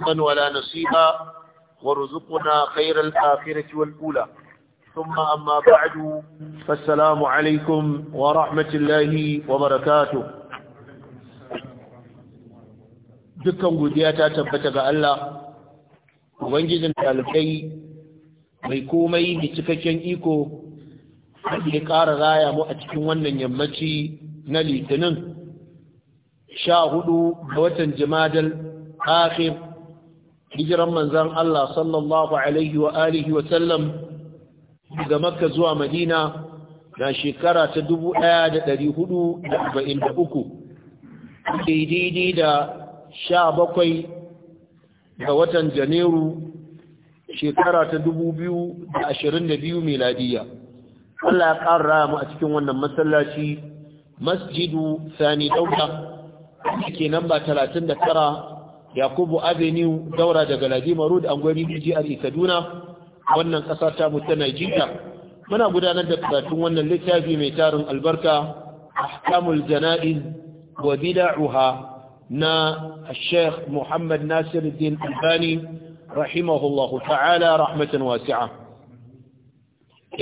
من ولا نصيبا وارزقنا خير الآخرة والأولى ثم أما بعد فالسلام عليكم ورحمة الله وبركاته ta tabbata ga Allah. ubangijin talibai mai komai da cikakken iko ya ƙara raya mu a cikin wannan yammaci na litinin sha hudu ga watan jimadal akhir hijiran manzan Allah sallallahu alaihi wa alihi wa sallam daga makka zuwa madina na shekara ta 1443 daidai da 17 ga watan janairu shekara ta 2022 miladiya Allah ya ƙara mu a cikin wannan masallaci masjidu sani dauda ke nan ba tara. yakubu avenue daura daga ladima road angwari jihar kaduna wannan ƙasa ta mu ta najeriya muna gudanar da karatun wannan littafi mai tarin albarka ahkamul jana'iz wa bid'uha na Sheikh Muhammad Nasiruddin Albani rahimahullahu ta'ala rahmatan wasi'a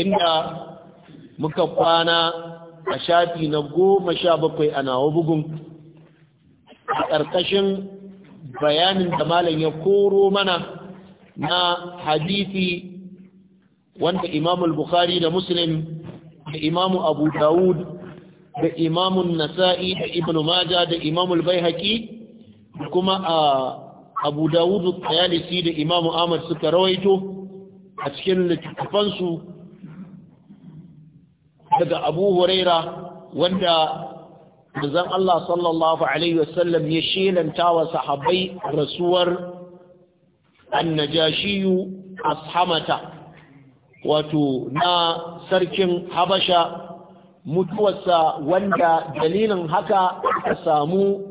inda muka kwana a shafi na goma sha bakwai a nawa bugun a ƙarƙashin bayanin da malam ya koro mana na hadisi wanda Imamul bukhari da muslim da imam abu dawud da imam nasa'i da ibn majah da imam al da kuma abu dawud al-tayalisi da imam ahmad suka rawaito a cikin littafansu daga abu huraira wanda manzon Allah sallallahu alaihi wasallam ya shelanta wa sahabbai rasuwar annajashiyu ashamata wato na sarkin habasha mutuwarsa wanda dalilin haka aka samu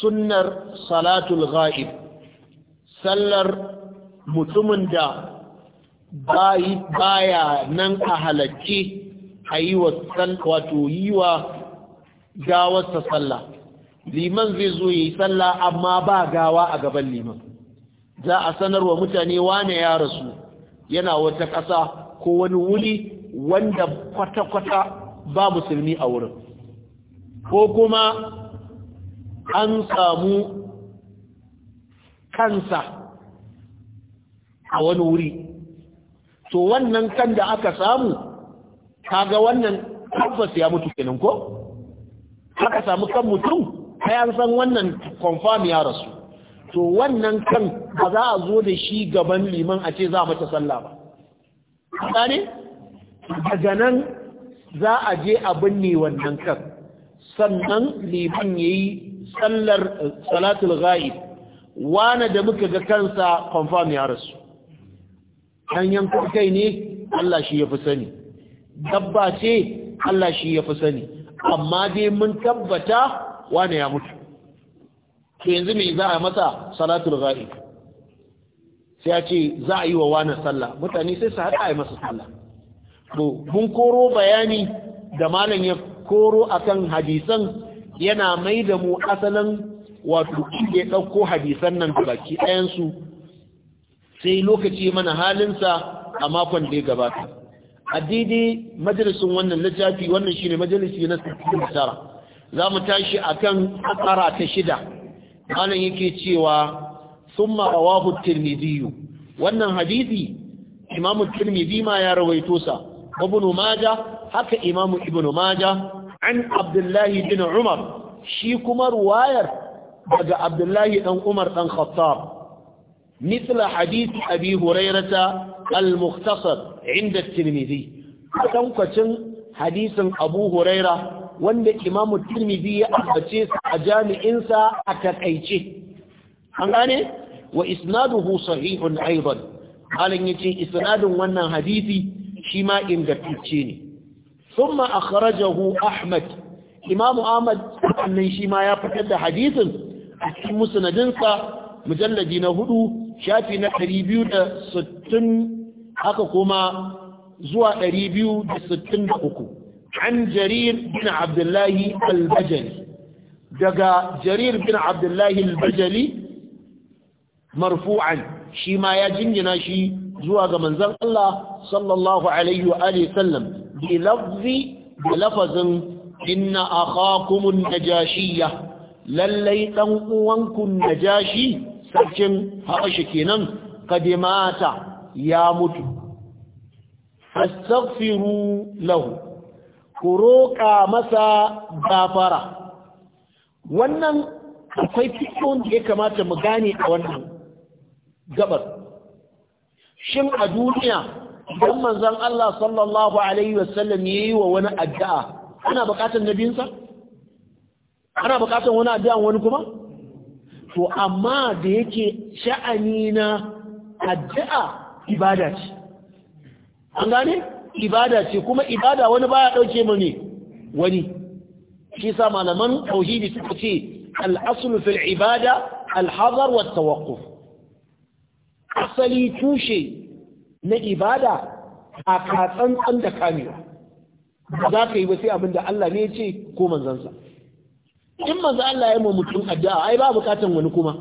sunnar salatul ghaib sallar mutumin da baya nan a halarci a yi wa wato gawarsa sallah liman zai zo yi sallah amma ba gawa a gaban liman za a sanarwa mutane wane ya rasu yana wata ƙasa ko wani wuri wanda kwata-kwata ba musulmi a wurin ko kuma an samu kansa a wani wuri to wannan kan da aka samu kaga wannan tabbas ya mutu kenan ko Haka samu kan mutum Ta san wannan confirm ya rasu to wannan kan ba za a zo da shi gaban liman a ce za a mace sallah ba gane daga nan za a je a binne wannan kan sannan liman yayi sallar eh, salatul ghaib wana da muka ga kansa confirm ya rasu dan yanko kai ne Allah shi ya fi sani dabba ce Allah shi ya fi sani amma dai mun tabbata wane ya mutu to yanzu me za a masa salatul ghaib sai ya ce za a yi wa wani sallah mutane sai su haɗa a yi masa sallah to mun koro bayani da malam ya koro akan hadisan yana mai da mu asalin wato ya ɗauko hadisan nan da baki ɗayansu sai lokaci mana halinsa a makon da ya gabata a daidai majalisun wannan littafi wannan shine majalisi na 69 za mu tashi akan kara ta shida malam yake cewa thumma rawahu at-tirmidhi wannan hadisi imamu tirmidhi ma ya rawaito sa ibn majah haka Imam ibn majah an abdullahi bin umar shi kuma ruwayar daga abdullahi dan umar dan khattab مثل حديث أبي هريرة al-mukhtasar inda tirmidhi tankwacin hadisin abu huraira wanda imamu tirmidhi ya ambace a jami'insa a takaice an gane wa isnaduhu sahihun aidan halin yace isnadin wannan hadisi shi ma ingantacce ne thumma akhrajahu ahmad imamu ahmad sannan shi ma ya fitar da hadisin a cikin musnadinsa mujalladi na hudu shafi na sittin. haka kuma zuwa 263 an jarir bin abdullahi al-bajali daga jarir bin abdullahi al-bajali marfu'an shi ma ya jingina shi zuwa ga manzon Allah sallallahu alaihi wa alihi sallam bi lafzi bi lafazin inna akhakum najashiyya lallai dan uwanku najashi sarkin habashi kenan kadimata ya mutu fastaghfiru lahu ku roƙa masa gafara wannan akwai fikon da ya kamata mu gane a wannan gabar shin a duniya idan manzon Allah sallallahu alaihi wasallam yayi wa wani addu'a ana buƙatar nabinsa ana buƙatar wani addu'a wani kuma to amma da yake sha'ani na addu'a ibada ce an gane ibada ce kuma ibada wani baya ɗauke mu ne wani shi sa malaman tauhidi suka ce al fil ibada al-hadar wa tawaqquf asali tushe na ibada a katsantsan da kamewa ba za ka yi ba sai abin da Allah ne ya ce ko manzansa in manzo Allah ya ma mutum addu'a ai ba bukatan wani kuma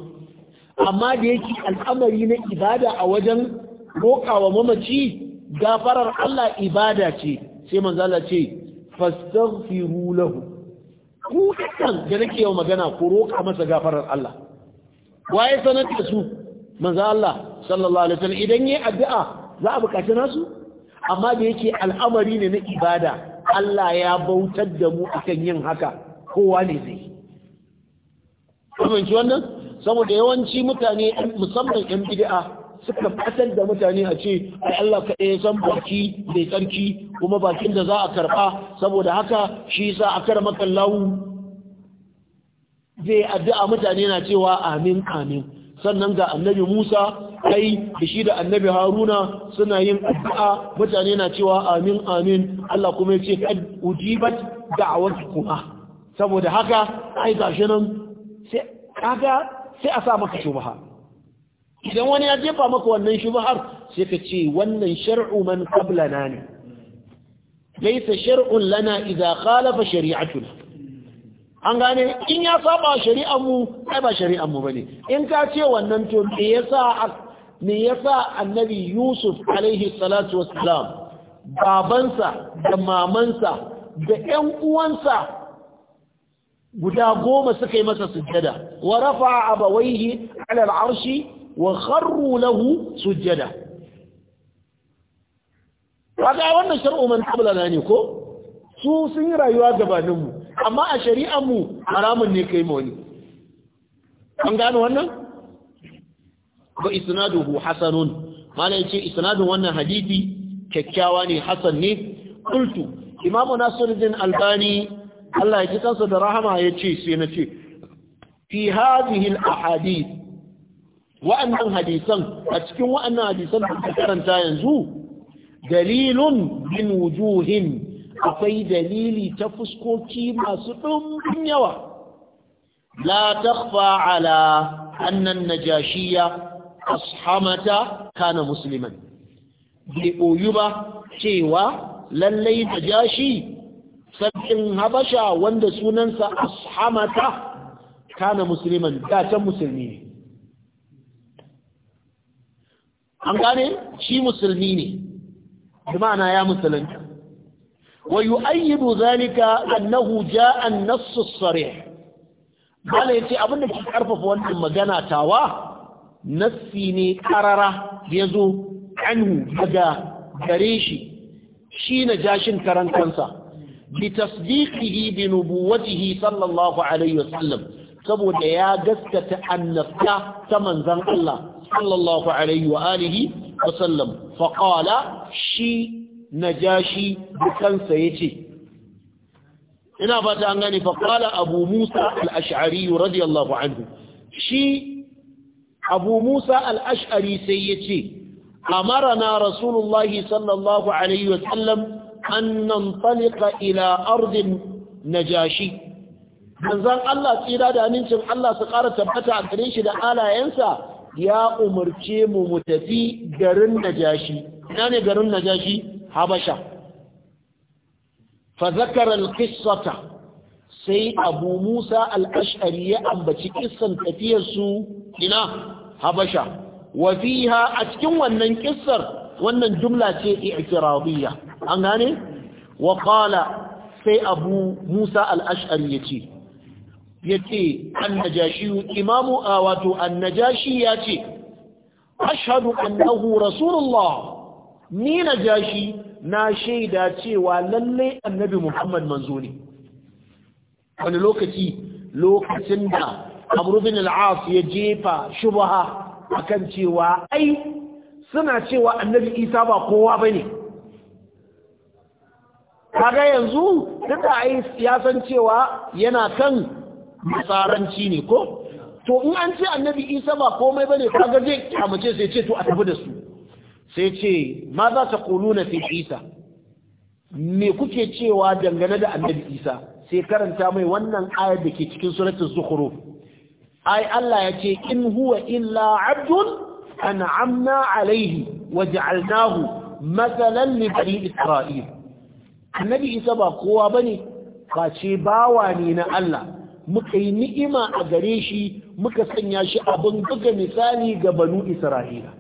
amma da yake al'amari na ibada a wajen roƙawa mamaci gafarar Allah ibada ce sai Allah ce fastaghfiru lahu ku kan da nake yau magana ku roƙa masa gafarar Allah waye sanar da su manzo Allah sallallahu alaihi wasallam idan yayi addu'a za a bukaci nasu amma da yake al'amari ne na ibada Allah ya bautar da mu akan yin haka kowa ne zai kuma wannan saboda yawanci mutane musamman yan bid'a suka fatar da mutane a ce ai Allah ka ya san baki mai tsarki kuma bakin da za a karɓa saboda haka shi yasa a kar makallahu zai addu'a mutane na cewa amin amin sannan ga annabi Musa kai da shi da annabi Haruna suna yin addu'a mutane na cewa amin amin Allah kuma ya ce kad ujibat kuma.' saboda haka ai gashi nan sai kaga sai a sa maka shubaha. idan wani ya jefa maka wannan shubhar sai ka ce wannan shar'u man qablana ne laysa shar'un lana idza khalafa shari'atuna an gane in ya saba shari'ar mu ai ba shari'ar mu bane in ka ce wannan to me yasa me yasa annabi Yusuf alaihi salatu wassalam babansa da mamansa da ƴan uwansa guda goma suka yi masa sujjada wa rafa'a abawaihi ala al'arshi wa kharru lahu sujjada kaga wannan shar'u man qablana ne ko su sun yi rayuwa gabanin mu amma a shari'ar mu haramun ne kai wani. an gano wannan ba isnaduhu hasanun mana yace isnadun wannan hadisi kyakkyawa ne hasan ne qultu imamu nasiruddin albani Allah ya ji kansa da rahama yace sai na ce fi hadhihi al ahadith wa'annan hadisan a cikin wa'annan hadisan da ka karanta yanzu dalilun min wujuhin akwai dalili ta fuskoki masu ɗumbin yawa la takhfa ala annan najashiya ashamata kana musulman. bai ɓoyu ba cewa lallai najashi sabbin habasha wanda sunansa ashamata kana musulman da ta musulmi ne an gane shi musulmi ne bima'ana ya musulunta wa ayyudu zanika annahu ja'a an-nass as ya ce yace abinda ke karfafa wannan magana tawa nassi ne karara yazo anhu daga gare shi shi na jashin karan kansa bi tasdiqihi bi nubuwwatihi sallallahu alaihi wasallam saboda ya gaskata annabta ta manzon Allah صلى الله عليه وآله وسلم فقال شي نجاشي بكن سيتي radiyallahu anhu shi abu musa al'ash'ari sai ya ce amara na rasulullahi sallallahu alaihi wasallam annan talika ila ardin najashi manzan Allah tsira da amincin Allah su ƙara tabbata a gare shi da alayensa ya umarce mu mu tafi garin najashi ina ne garin najashi habasha fa zakara al sai abu musa al-ash'ari ya ambaci kissan tafiyar su ina habasha wa fiha a cikin wannan kissar wannan jumla ce i'tiradiyya an gane wa qala sai abu musa al-ash'ari yace Ya ce annajashi imamu a wato annajashi ashadu ashhadu annahu rasulullah ni najashi na shaida cewa lalle annabi muhammad manzo ne wani lokaci lokacin da Amurbin al'af ya jefa shubaha a kan cewa ai suna cewa annabi isa ba kowa ba ne, kaga yanzu duk da ai ya san cewa yana kan masaranci ne ko to in an ce annabi isa ba komai bane kaga zai kyamace sai ce to a tafi da su sai ce ma za ta kuluna fi isa me kuke cewa dangane da annabi isa sai karanta mai wannan ayar da ke cikin suratul zukhruf ai Allah ya ce in huwa illa abdun an'amna alaihi waj'alnahu mathalan li bani isra'il annabi isa ba kowa bane face bawa ne na Allah muka yi ni'ima a gare shi muka sanya shi abin buga misali ga banu isra'ila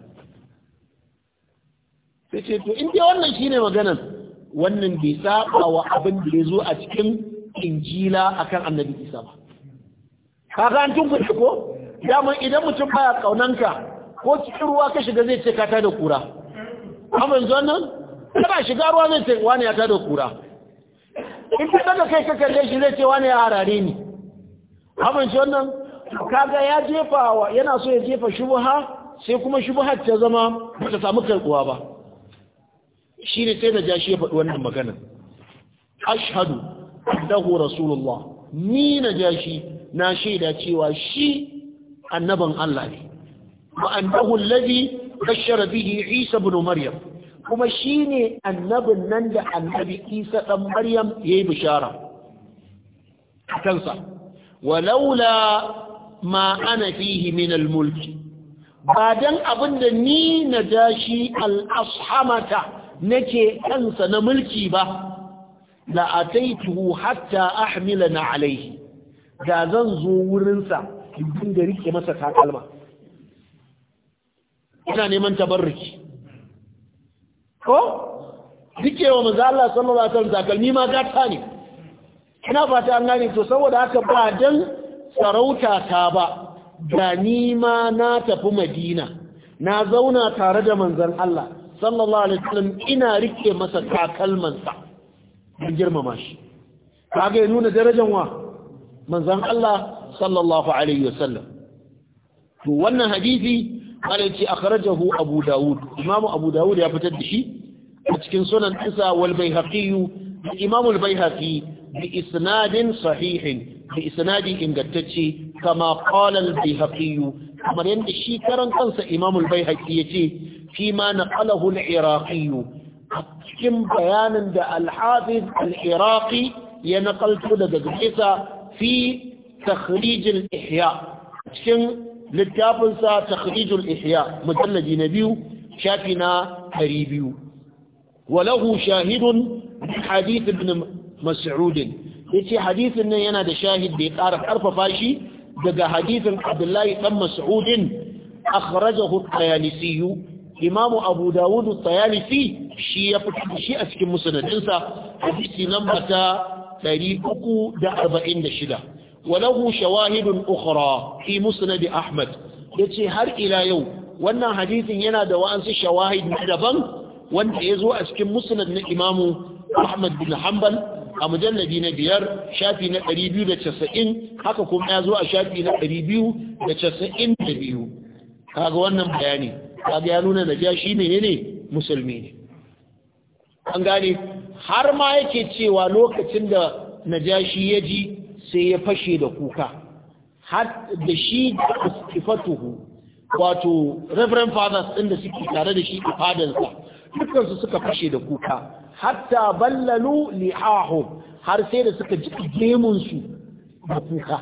sai ce to inda wannan shine maganan wannan bai saba wa abin da ya zo a cikin injila akan annabi isa ba ga an tunku ko mun idan mutum baya kaunanka ko cikin ruwa ka shiga zai ce ka da kura amma yanzu wannan kana shiga ruwa zai ce wani ya da kura in ka daga kai ka kalle shi zai ce wani ya harare ni haban shi wannan kaga ya jefa wa yana so ya jefa shubha sai kuma shubhar ta zama bata samu karbuwa ba shine sai da jashi ya faɗi wannan magana ashhadu annahu rasulullah ni na jashi na shaida cewa shi annaban Allah ne wa annahu allazi bashara bihi Isa ibn Maryam kuma shine annabin nan da annabi Isa dan Maryam yayi bishara kansa walaula ma ana fihi min al-mulki ba dan da ni na dashi al-ashamata nake kansa na mulki ba la ataituhu hatta ahmilana alayhi da zan zo wurinsa in da rike masa takalma ina neman tabarruki ko rike wa manzo Allah sallallahu alaihi wasallam takalmi ma gata ne ina fata an gane to saboda haka ba dan sarauta ta ba da ni ma na tafi madina na zauna tare da manzon Allah sallallahu alaihi wasallam ina rike masa takalmansa in girmama shi kage nuna darajar wa manzon Allah sallallahu alaihi wasallam to wannan hadisi alaci akhrajahu abu daud imamu abu daud ya fitar da shi a cikin sunan isa wal baihaqi imamu al baihaqi بإسناد صحيح بإسناد إنجتتشي كما قال البيهقي كما يندشي كرن كنس إمام البيهقي فيما نقله العراقي كم بيانا دا الحافظ العراقي ينقل تودة في تخريج الإحياء كم للتابنسا تخريج الإحياء مجلد نبيو شافنا قريبيو وله شاهد من حديث ابن mas'udin yace hadisin nan yana da shahid da ya ƙara ƙarfafa shi daga hadisin Abdullahi dan Mas'udin akhrajahu at-Tayalisi Imam Abu Dawud at-Tayalisi shi ya fitar shi a cikin musnadin sa hadisi namba ta 346 walahu shawahidun ukhra fi musnad Ahmad yace har ila yau wannan hadisin yana da wa'ansu shawahid daban wanda ya zo a cikin musnad na Imam Ahmad bin Hanbal a mujalladi na biyar shafi na ɗari biyu da casa'in haka kuma ya zo a shafi na ɗari biyu da casa'in da biyu kaga wannan bayani kaga ya nuna Najashi shi ne musulmi ne an gane har ma yake cewa lokacin da najashi ya ji sai ya fashe da kuka har da shi da wato reverend fathers ɗin da suke tare da shi a fadansa dukansu suka fashe da kuka hatta ballalu li'ahum har sai da suka ji gemun su kuka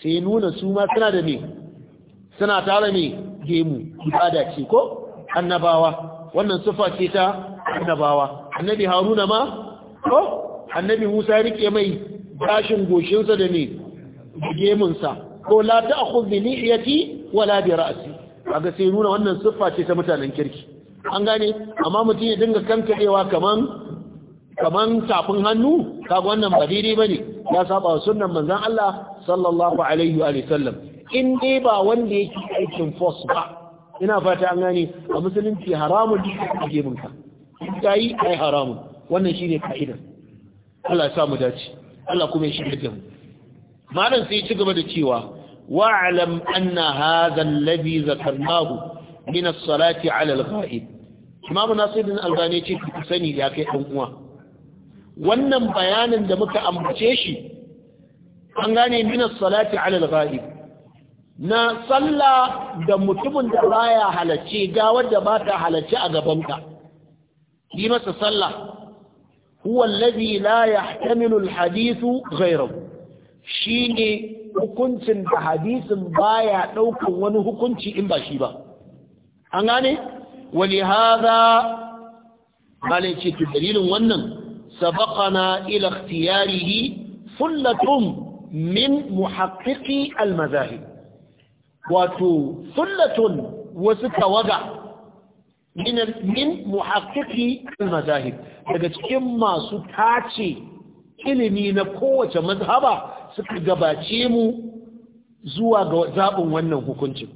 sai nuna su ma suna da me suna tare me gemu ibada ce ko annabawa wannan sufa ce ta annabawa annabi haruna ma ko annabi musa ya rike mai gashin goshinsa da me gemunsa ko la ta'khudh bi lihiyati wala bi ra'si kaga sai nuna wannan sufa ce ta mutanen kirki an gane amma mutum ya dinga kankarewa kaman kaman tafin hannu kaga wannan ba daidai bane ya saba wa sunnan manzon Allah sallallahu alaihi wa sallam in dai ba wanda yake aikin force ba ina fata an gane a musulunci haramun da ake ka kai ai haramun wannan shine kaida Allah ya samu dace Allah kuma ya shirya da mu malam sai ya ci gaba da cewa wa'lam anna hadha alladhi zakarnahu min as-salati 'ala al-ghaib Imam Nasir bin Albani ce ku sani ya kai dan uwa wannan bayanin da muka ambace shi an gane min as-salati 'ala al-ghaib na sallah da mutumin da baya halacce ga wanda ba ta halacce a gabanka yi masa sallah huwa alladhi la yahtamilu al-hadithu ghayrahu shine hukuncin da hadisin baya daukan wani hukunci in ba shi ba an gane wali haza ce dalilin wannan sabaqana ila ikhtiyarihi sullatun min muhaqqiqi al wato sullatun wasu tawaga min muhaƙiƙi al daga cikin masu tace ilimi na kowace mazhaba suka gabace mu zuwa ga zaɓin wannan hukuncin.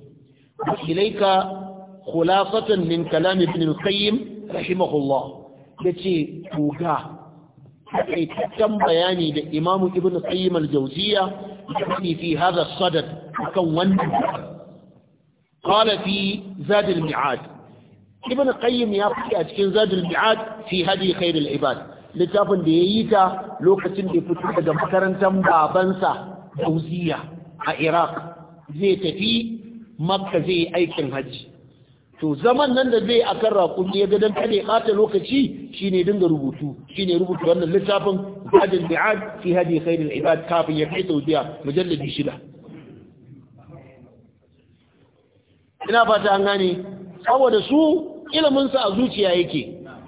Ilaika khulafatan min kalam ibn al-qayyim rahimahullah yace tuga taƙaitaccen bayani da imamu ibn qayyim al-jawziya ya faɗi fi hada sadad akan wannan qala fi zad al-mi'ad ibn qayyim ya fi a cikin zad al-mi'ad fi hadi khair al-ibad littafin da yayi ta lokacin da ya fito daga makarantar babansa jawziya a iraq zai tafi makka zai aikin hajji to zaman nan da zai a kan rakumi ya gadon kada ya ɓata lokaci shine dinga rubutu shine rubuta wannan littafin zadin bi'ad fi hadi khairul ibad kafin ya kai saudiya mujalladi shida ina fata an gane saboda su ilimin sa a zuciya yake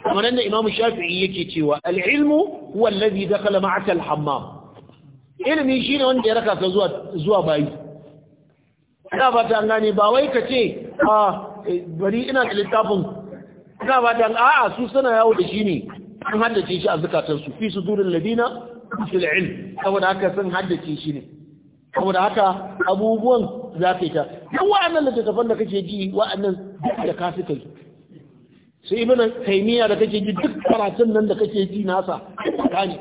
kamar da imamu shafi'i yake cewa al-ilmu huwa alladhi dakhala ma'aka al-hammam ilimi shine wanda ya raka ka zuwa zuwa bayi ina fata an gane ba wai ka ce a ah, Eh, bari ina da littafin ina ba da a'a su suna yawo da shi ne an haddace shi a zukatansu fi su ladina fil ilm saboda haka sun haddace shi ne saboda haka abubuwan za ka yi ta duk wa'annan littattafan da kake ji wa'annan duk da ka fi kai sai ibn taymiya da kake ji duk karatun nan da kake ji nasa ka ne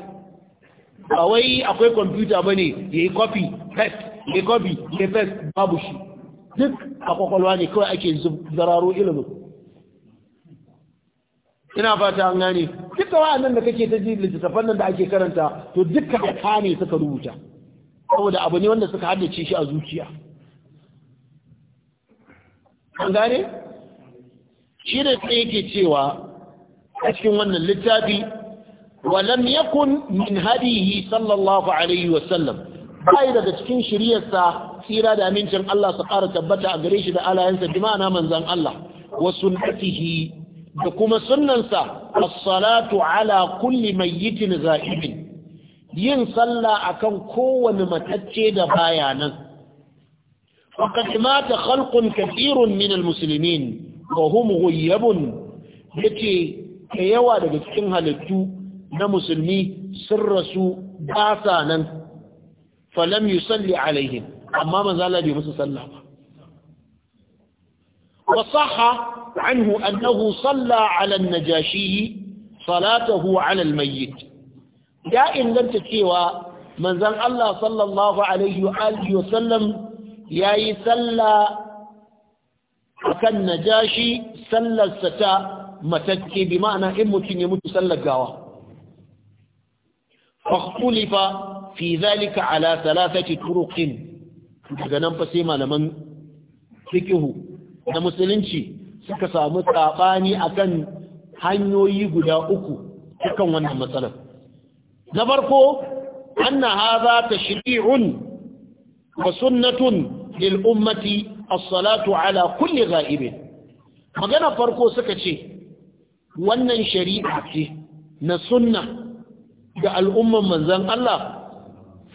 ba wai akwai kwamfuta bane yayi copy paste yayi copy yayi paste babu shi duk a kwakwalwa ne kawai ake zararo ilimin ina fata an gane da wa'annan da kake ta ji littattafan nan da ake karanta to duka ka ne suka rubuta saboda abu ne wanda suka haddace shi a zuciya an gane shi da sai yake cewa a cikin wannan littafi ولم yakun min hadihi sallallahu alaihi عليه bai daga cikin shiryarsa tsira da amincin Allah su ƙara tabbata a gare shi da alayensa bi ma'ana manzan Allah wa sunnatihi da kuma sunnansa as-salatu ala kulli mayyitin za'ibin yin sallah akan kowane matacce da baya nan faqad mata khalqun kathirun min al-muslimin wa hum ghayyabun yace da yawa daga cikin halittu na musulmi sun rasu ba sa nan falam yusalli alaihim amma maza Allah bai sallah ba wa sahha anhu annahu salla ala an-najashi salatuhu ala al-mayyit ya in dan ta cewa manzo Allah sallallahu alaihi wa alihi wa sallam yayi salla kan najashi sallar sa ta mataki, bi ma'ana in mutun ya mutu sallar gawa fa khulifa fi dhalika ala thalathati turuqin daga nan fa sai malaman fikihu na musulunci suka samu tsabani akan hanyoyi guda uku akan wannan matsalar na farko anna hadha tashri'un wa sunnatun lil ummati as-salatu ala kulli ghaibin magana farko suka ce wannan shari'a ce na sunna ga al'umman manzon Allah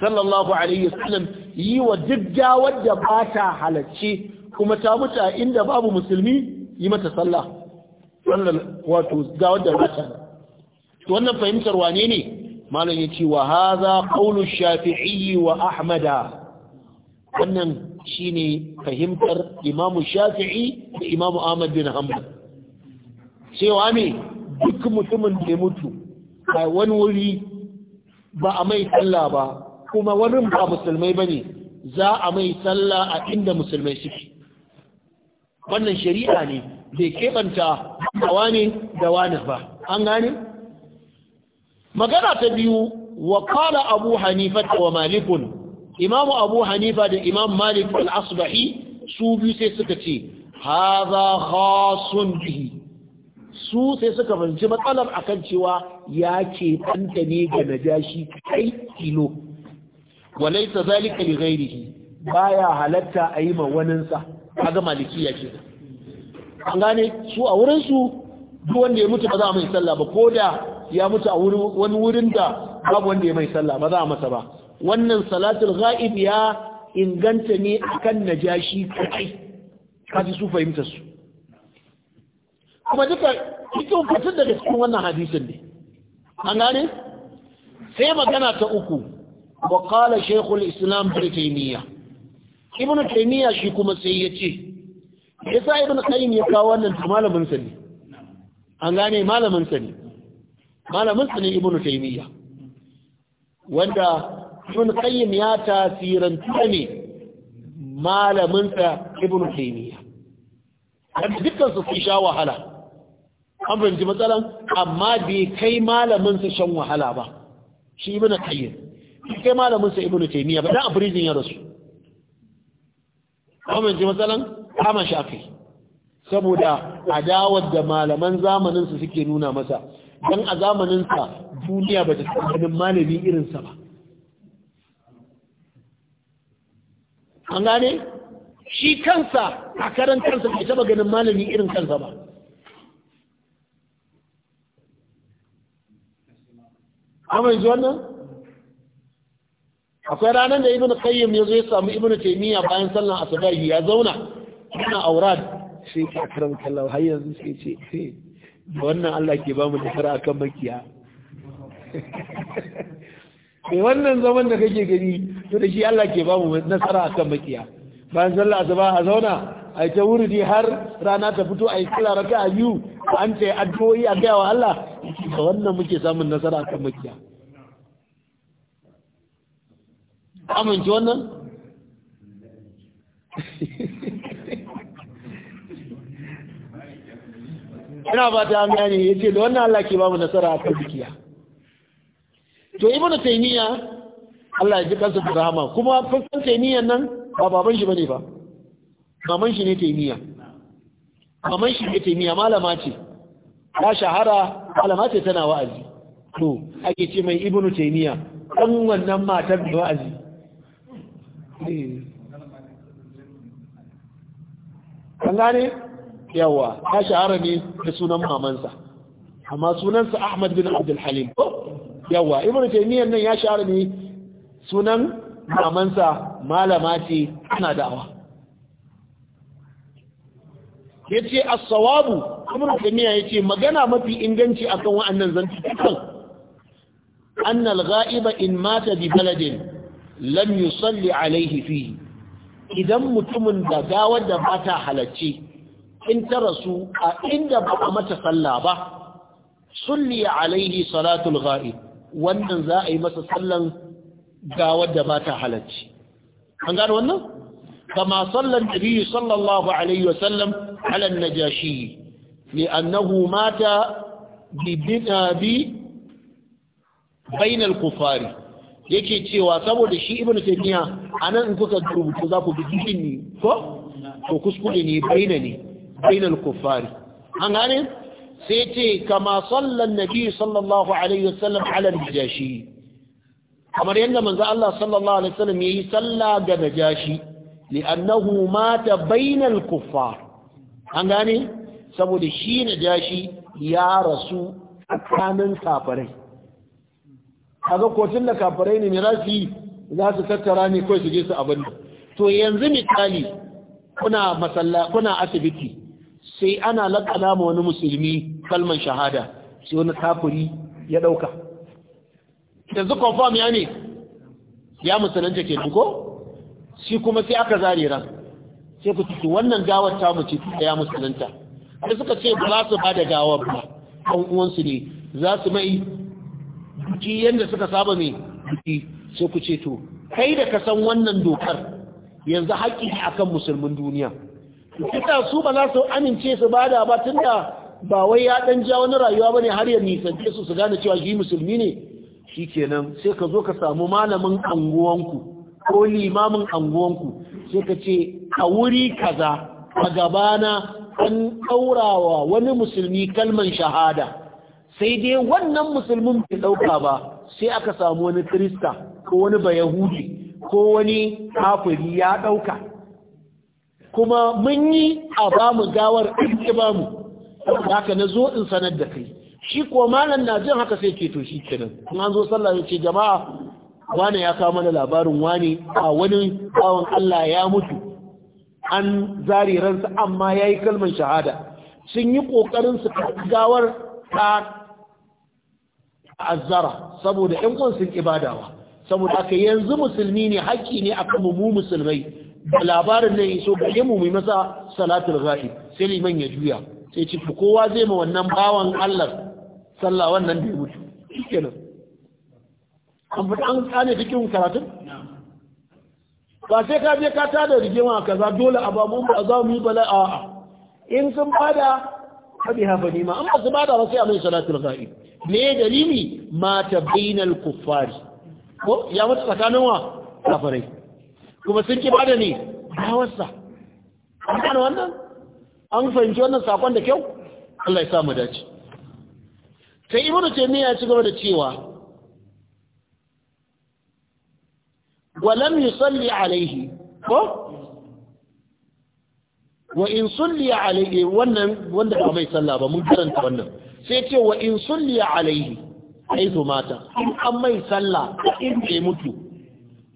sallallahu alaihi wasallam yi wa duk gawar da ba ta halarci kuma ta mutu a inda babu musulmi yi mata sallah wato gawar da mata wannan fahimtar wane ne malam ya ce wa haza qaulu shafi'i wa ahmada wannan shine fahimtar Imamu shafi'i da Imamu ahmad bin hamad cewa ne duk mutumin da ya mutu a wani wuri ba a mai sallah ba kuma wani ba musulmai bane za a mai sallah a inda musulmai suke wannan shari'a ne bai keɓanta hawa ne da wani ba an gane magana ta biyu wa kala abu hanifa wa malikun imamu abu hanifa da imam malik al-asbahi su biyu sai suka ce haza khasun bihi su sai suka fahimci matsalar akan cewa ya ke ne ga najashi kai kilo walaysa zalika li ghairihi baya halatta a yi ma waninsa kaga malikiya ke an gane su a wurin su duk wanda ya mutu ba za a mai sallah ba ko da ya mutu a wani wurin da babu wanda ya mai sallah ba za a masa ba wannan salatul ghaib ya inganta ne akan najashi kai kaji su fahimta su kuma duka cikin fatin daga cikin wannan hadisin ne an gane sai magana ta uku wa qala shaykhul islam ibn taymiya ibn taymiya shi kuma sai yace yasa ibn qayyim ya kawo wannan malamin sa ne an gane malamin sa ne malamin sa ne ibn Taimiyya. wanda ibn qayyim ya tasiranta ne malamin sa ibn taymiya dukkan su sun sha wahala an ji matsalan amma bai kai malamin shan wahala ba shi ibn qayyim kai malamin sa ibnu taymiya ba dan a firijin ya rasu kuma ji matsalan kama shafi saboda adawar da malaman zamanin su suke nuna masa dan a zamanin sa duniya ba ta ganin malami irin sa ba an gane shi kansa a karan kansa bai taba ganin malami irin kansa ba amma yanzu wannan akwai ranar da Ibn qayyim ya zo ya samu Ibn taymiya bayan sallan asubahi ya zauna yana aurad sai ka karam kallau har yanzu sai ce wannan Allah ke ba mu nasara akan makiya eh wannan zaman da kake gani to da shi Allah ke ba mu nasara akan makiya bayan sallah asuba a zauna a ta wurdi har rana ta fito a yi kila raka'a biyu an ta yi addu'o'i a gaya wa Allah da wannan muke samun nasara akan makiya amince wannan ina ba ta ne ya ce da wannan Allah ke ba mu nasara a kan dukiya to ibnu taimiyya Allah ya ji kansa da rahama kuma kusan taimiyyan nan ba baban shi ba ne ba maman shi ne taimiyya. maman shi ne taimiyya malama ce ta shahara malama ce tana wa'azi to ake ce mai ibnu taimiyya, ɗan wannan matar da wa'azi kan eh. gane yawa ya shahara ne da sunan mamansa amma sunansa ahmad bin abdul halim oh, yawa ibn taymiyyah nan ya shahara ne sunan mamansa malama ce ana da'awa yace as-sawabu ibn taymiyyah yace magana mafi inganci akan wa'annan zantukan annal ghaiba in mata bi baladin lam yusalli alaihi fihi idan mutumin da gawar da ba ta halacce in ta rasu a inda ba a mata sallah ba sulli alaihi salatul ghaib wannan za a yi masa sallan gawar da ba ta halacce an gano wannan kama sallan nabi sallallahu alaihi wasallam jashi ne, annahu mata bi bainal kufari yake cewa saboda shi ibn taymiya anan in kuka rubutu za ku bi ni ko to kuskure ne baina ne bainal kuffari an gane sai ce kama sallan nabi sallallahu alaihi wasallam ala najashi kamar yadda manzo Allah sallallahu alaihi wasallam yayi salla ga najashi li'annahu mata bainal kuffar an gane saboda shi najashi ya rasu tsakanin kafirai kaga ko tun da kafirai ne za su tattara ne kawai su je su abin to yanzu misali kuna masalla kuna asibiti sai ana lakana ma wani musulmi kalman shahada sai wani kafiri ya dauka yanzu confirm ya ne ya musulunta ke ko shi kuma sai aka zare ran sai ku tuki wannan gawar ta mu ce ya musulunta sai suka ce ba za su ba da gawar ba ɗan uwansu ne za su mai biki yadda suka saba mai biki sai ku ce to kai da ka san wannan dokar yanzu haƙƙi akan musulmin duniya kita su ba za su amince su bada ba da ba wai ya ɗan ja wani rayuwa ba ne har ya nisance su su gane cewa shi musulmi ne shi nan sai ka zo ka samu malamin anguwanku ko limamin anguwanku sai ka ce a wuri kaza a gabana an ɗaurawa wani musulmi kalman shahada sai dai wannan musulmin bai ɗauka ba sai aka samu wani krista ko wani bayahudi ko wani kafiri ya ɗauka kuma mun yi a ba mu gawar ɗanke ba mu haka na zo in sanar da kai shi kuwa malam na jin haka sai ceto shi kenan in an zo sallah ya ce jama'a wane ya kama mana labarin wani a wani bawan Allah ya mutu an zari amma ya yi kalmar shahada sun yi ƙoƙarin su gawar ta azzara saboda ƴan uwan sun ibadawa saboda aka yanzu musulmi ne haƙƙi ne akan mu musulmai da labarin nan iso ga mu mai masa salatul ghaib sai liman ya juya sai ci kowa zai ma wannan bawan Allah sallah wannan da ya mutu an fi an tsane cikin karatun ba sai ka je ka tada rigima kaza dole a ba mu ba za mu yi bala a in sun bada fa biha fa amma su bada ba sai a mai salatul ghaib me dalili mata bainal kuffari ko ya mutu tsakanin wa kafirai kuma sun ki bada ne gawarsa an gane wannan an fahimci wannan sakon da kyau Allah ya sa mu dace sai ibnu taymiya ya ci gaba da cewa Wa lam yusalli alayhi ko wa in sulli alayhi wannan wanda ba mai sallah ba mun karanta wannan sai ce wa in sulliya alaihi aizu mata in an mai sallah in bai mutu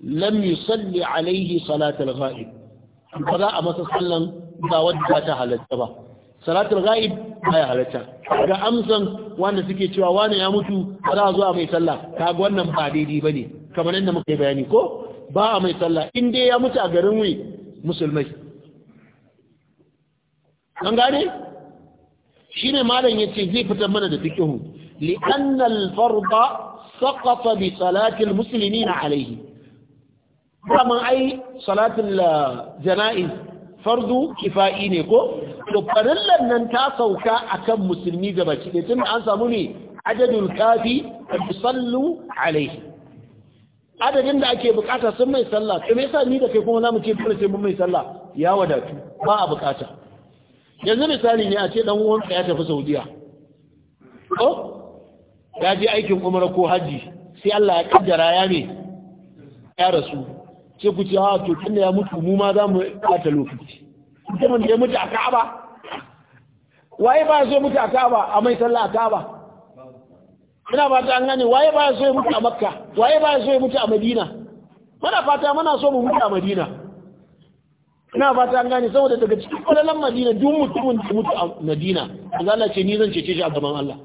lam yusalli alaihi salatul ghaib ba za a masa sallan ba wadda ta halatta ba salatul ghaib ba ya halatta ga amsan wanda suke cewa wani ya mutu ba za a zuwa mai sallah kaga wannan ba daidai bane kamar yadda muka yi bayani ko ba a mai sallah in dai ya mutu a garin wuyi musulmai an gane shi ne malam ya ce zai fitar mana da fikihu li'annal farda saqata bi salatil A alaihi kuma ai salatin uh, jana'iz fardu kifa'i ne ko to farillan nan ta sauka akan musulmi ga baki da an samu ne adadul kafi bi sallu alaihi adadin da ake bukata sun mai sallah to me yasa ni da kai kuma zamu ce dole sai mun mai sallah ya wadatu ba a bukata yanzu misali ne a ce dan uwan ya tafi saudiya ko ya je aikin umara ko haji sai Allah ya kaddara ya ne ya rasu sai ku ce ha ah, to tunda ya mutu mu ma za mu bata lokaci kuma mun je mutu a Ka'aba waye ba so mutu a Ka'aba a mai sallah a Ka'aba ina ba ta an gane waye ba so ya mutu a Makka waye ba so ya mutu a Madina muna fata muna so mu mutu a Madina ina ba ta gane saboda daga cikin kwalalan madina duk mutumin da mutu a madina Allah ce ni zan cece shi a gaban Allah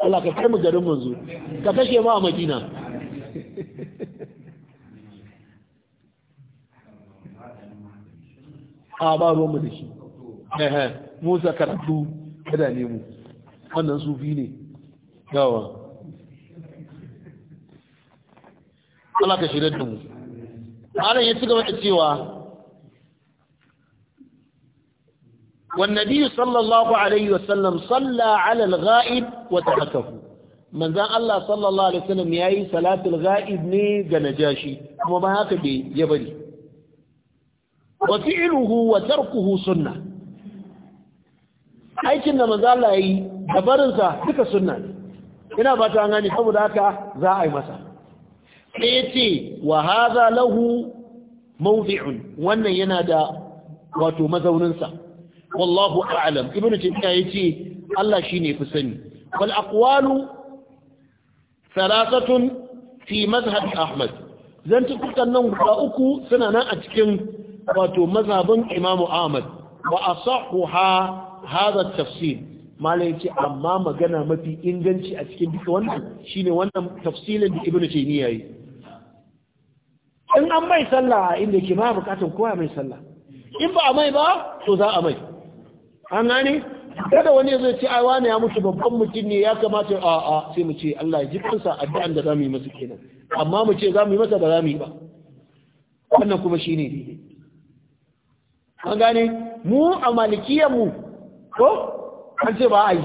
Allah ka kai mu garin manzo ka kashe mu a madina a ba ruwan mu da shi Musa karatu kada ne mu wannan sufi ne yawa Allah ka shirya da mu malam ya ci gaba da cewa والنبي صلى الله عليه وسلم صلى على الغائب وتركه من ذا الله صلى الله عليه وسلم ياي صلاة الغائب ني جنجاشي وما هكذا يبري وفعله وتركه سنة aikin da manzo Allah yi dabarinsa duka sunna ina ba ta gani saboda haka za a yi masa sai ce wa haza lahu mawdi'un wannan yana da wato mazauninsa wallahu a'lam ibnu taymiya yace Allah shine fi sani wal aqwalu thalathatun fi mazhab ahmad zan ci kukan nan guda uku suna nan a cikin wato mazhabin imam ahmad wa asahuha hadha tafsir malai yace amma magana mafi inganci a cikin duka wannan shine wannan tafsilin da ibnu taymiya yayi in an mai sallah inda ke ma bukatun kowa mai sallah in ba a mai ba to za a mai an gani kada wani zai ce ai wani ya mutu babban mutum ne ya kamata a a sai mu ce Allah ya ji kansa addu'an da zamu yi masa kenan amma mu ce zamu yi masa ba zamu yi ba wannan kuma shine daidai an gani mu a malikiyar mu ko an ce ba a yi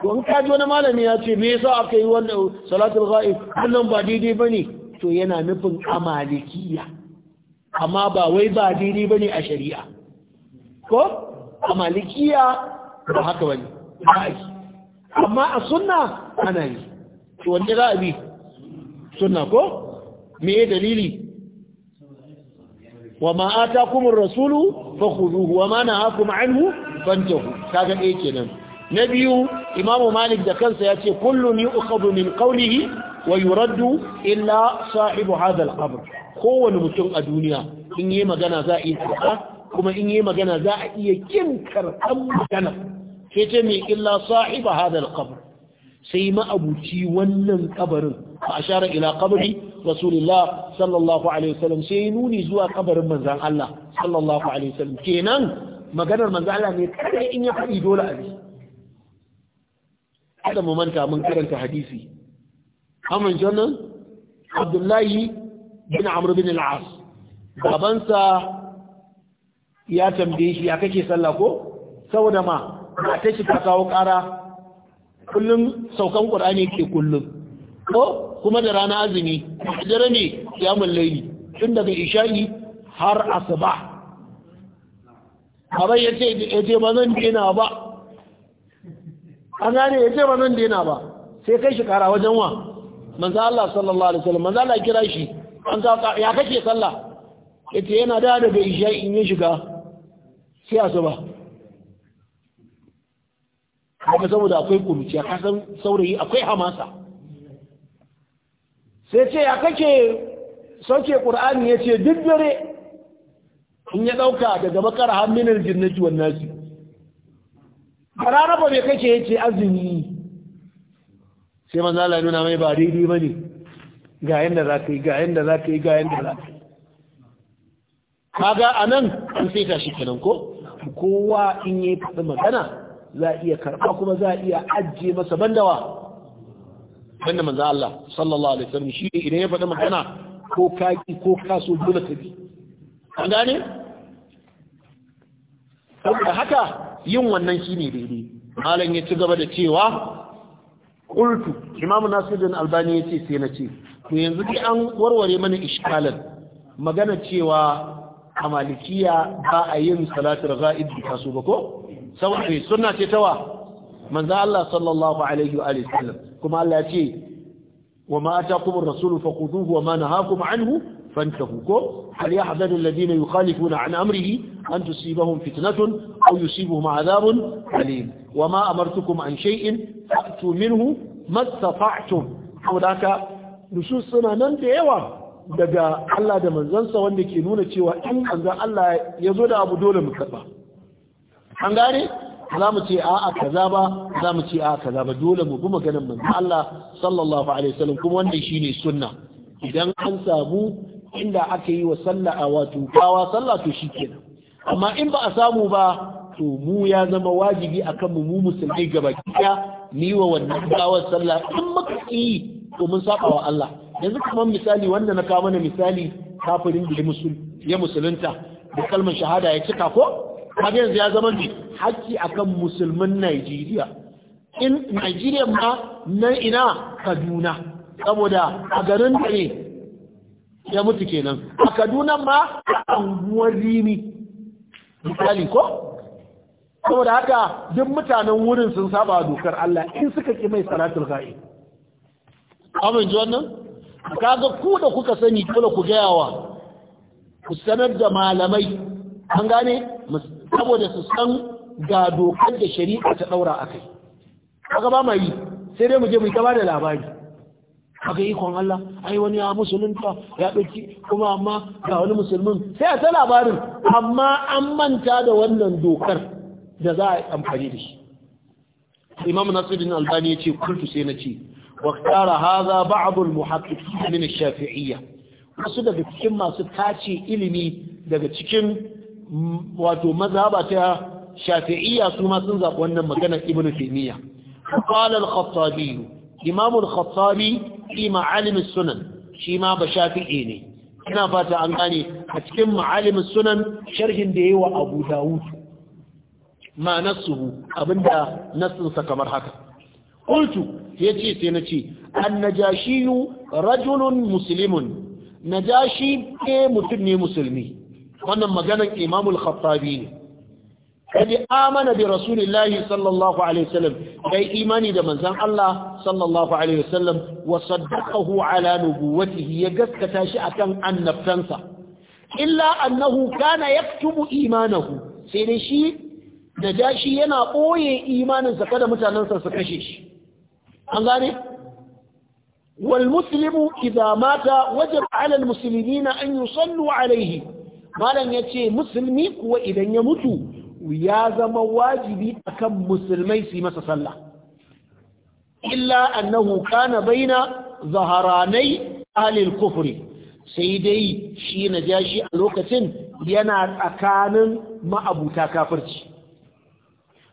to in ka ji wani malami ya ce me yasa aka yi wannan salatul ghaib wannan ba daidai bane to yana nufin amalikiya amma ba wai ba daidai ba ne a shari'a ko amalikiya ba haka wani ba a amma a sunna ana yi to wanda za a bi sunna ko me dalili wa ma'ata kuma rasulu fa khuduhu wa ma nahakum anhu fantahu kaga ɗaya kenan na biyu imamu malik da kansa ya ce kullum uka min qawlihi wa yuraddu illa sahibu hadal al-qabr kowane mutum a duniya in yi magana za a iya karɓa kuma in yi magana za a iya kin karɓan magana Ke ce mai illa sahiba hadal al-qabr sai ma'abuci wannan kabarin a ashara ila kabari rasulullah sallallahu alaihi wasallam sai nuni zuwa kabarin manzan Allah sallallahu alaihi wasallam kenan maganar manzan Allah ne kada in ya faɗi dole a bi kada mu manta mun karanta hadisi amin janin abdullahi bin amur bin al'as babansa ya tambaye shi ya kake sallah ko saboda ma a ta shi ta kawo ƙara kullum saukan ƙur'ani ke kullum ko kuma da rana azumi jira ne ya mullaili tun daga isha'i har asuba abai ya ce ya ba zan ba an gane ya ba zan ba sai kai shi kara wajen wa manzo Allah sallallahu alaihi wasallam manzo Allah kira shi an ka ya kake sallah yace yana da bai isha in ya shiga sai asuba kuma saboda akwai kuruci a kasan saurayi akwai hamasa sai ce ya kake sauke qur'ani yace duk dare in ya dauka daga bakar hamminal jinnati wan nasi ba mai kake yace azumi sai man zala nuna mai ba daidai bane ga yanda za ka yi ga yanda za ka yi ga yanda za ka yi kaga anan an sai tashi shi ko kowa in yi faɗi magana za a iya karɓa kuma za a iya ajiye masa bandawa banda manzo Allah sallallahu alaihi wasallam shi ne idan ya faɗi magana ko ki ko kaso dole ka bi an gane haka yin wannan shine daidai malam ya ci gaba da cewa qultu imam nasiruddin albani yace sai na ce to yanzu dai an warware mana ishkalan magana cewa a malikiya ba a yin salatul ghaib da kasu ba ko saboda sunna ce tawa manzo Allah sallallahu alaihi wa sallam kuma Allah ya ce wa ma ataqumur rasul faquduhu wa ma nahakum anhu فانتهوا كو فليحذر الذين يخالفون عن أمره أن تصيبهم فتنة أو يصيبهم عذاب أليم وما أمرتكم an شيء fa'atu minhu mastata'tum saboda nusus suna nan da yawa daga Allah da manzansa wanda ke nuna cewa in manzan Allah ya zo da abu dole mu karba an gane za mu ce a'a kaza ba za mu ce a'a kaza ba dole mu bi maganar manzan Allah sallallahu alaihi wasallam kuma wannan shine sunna idan an samu inda aka yi wa sallah a wato kawa sallah to shikenan amma in ba a samu ba to mu ya zama wajibi akan mu mu musulmai gaba kiya mu wa wannan bawar sallah in muka yi sabawa saba wa Allah yanzu kamar misali wanda na kawo mana misali kafirin da ya musulunta da kalmar shahada ya cika ko har yanzu ya zama ne hakki akan musulmin Najeriya in Najeriya ma na ina Kaduna saboda a garin da ne ya mutu kenan a Kaduna ma a anguwar Rimi misali ko saboda haka duk mutanen wurin sun saba dokar Allah in suka ki mai salatul ghaib amin ji wannan kaga ku da kuka sani dole ku gaya wa ku sanar da malamai an gane saboda su san ga dokar da shari'a ta daura akai kaga ba mai sai dai mu je mu ta bada labari kaga ikon Allah ai wani ya musulunta ya dauki kuma amma ga wani musulmin sai a ta labarin amma an manta da wannan dokar da za a amfani da shi imam nasiruddin albani ya ce kurtu sai na ce wa kara haza ba'd muhaqqiqin min ash-shafi'iyya wasu daga cikin masu tace ilimi daga cikin mm, wato mazhaba ta shafi'iyya su ma sun zaɓi wannan maganar ibnu taymiya qala al-khattabi imam al-khattabi fi ma'alim as-sunan shi ma ba shafi'i ne ina fata an gane a cikin ma'alim as-sunan sharhin da yayi wa abu dawud ma nasuhu abinda nassinsa kamar haka ya ce sai nace annajashiyu rajulun muslimun najashi ke mutum ne musulmi wannan maganar Imam al-Khattabi ne kaji amana bi rasulillahi sallallahu alaihi wasallam kai imani da manzon Allah sallallahu alaihi wasallam wa saddaqahu ala nubuwwatihi ya gaskata shi akan annabtansa illa annahu kana yaktubu imanahu sai dai shi da jashi yana ɓoye imaninsa kada mutanensa su kashe shi an gane wal muslimu idza mata wajib ala na anyi an yusallu alayhi malam yace musulmi kuwa idan ya mutu ya zama wajibi akan musulmai su masa sallah illa annahu kana baina zaharanai ahli al sai dai shi najashi a lokacin yana tsakanin ma'abuta kafirci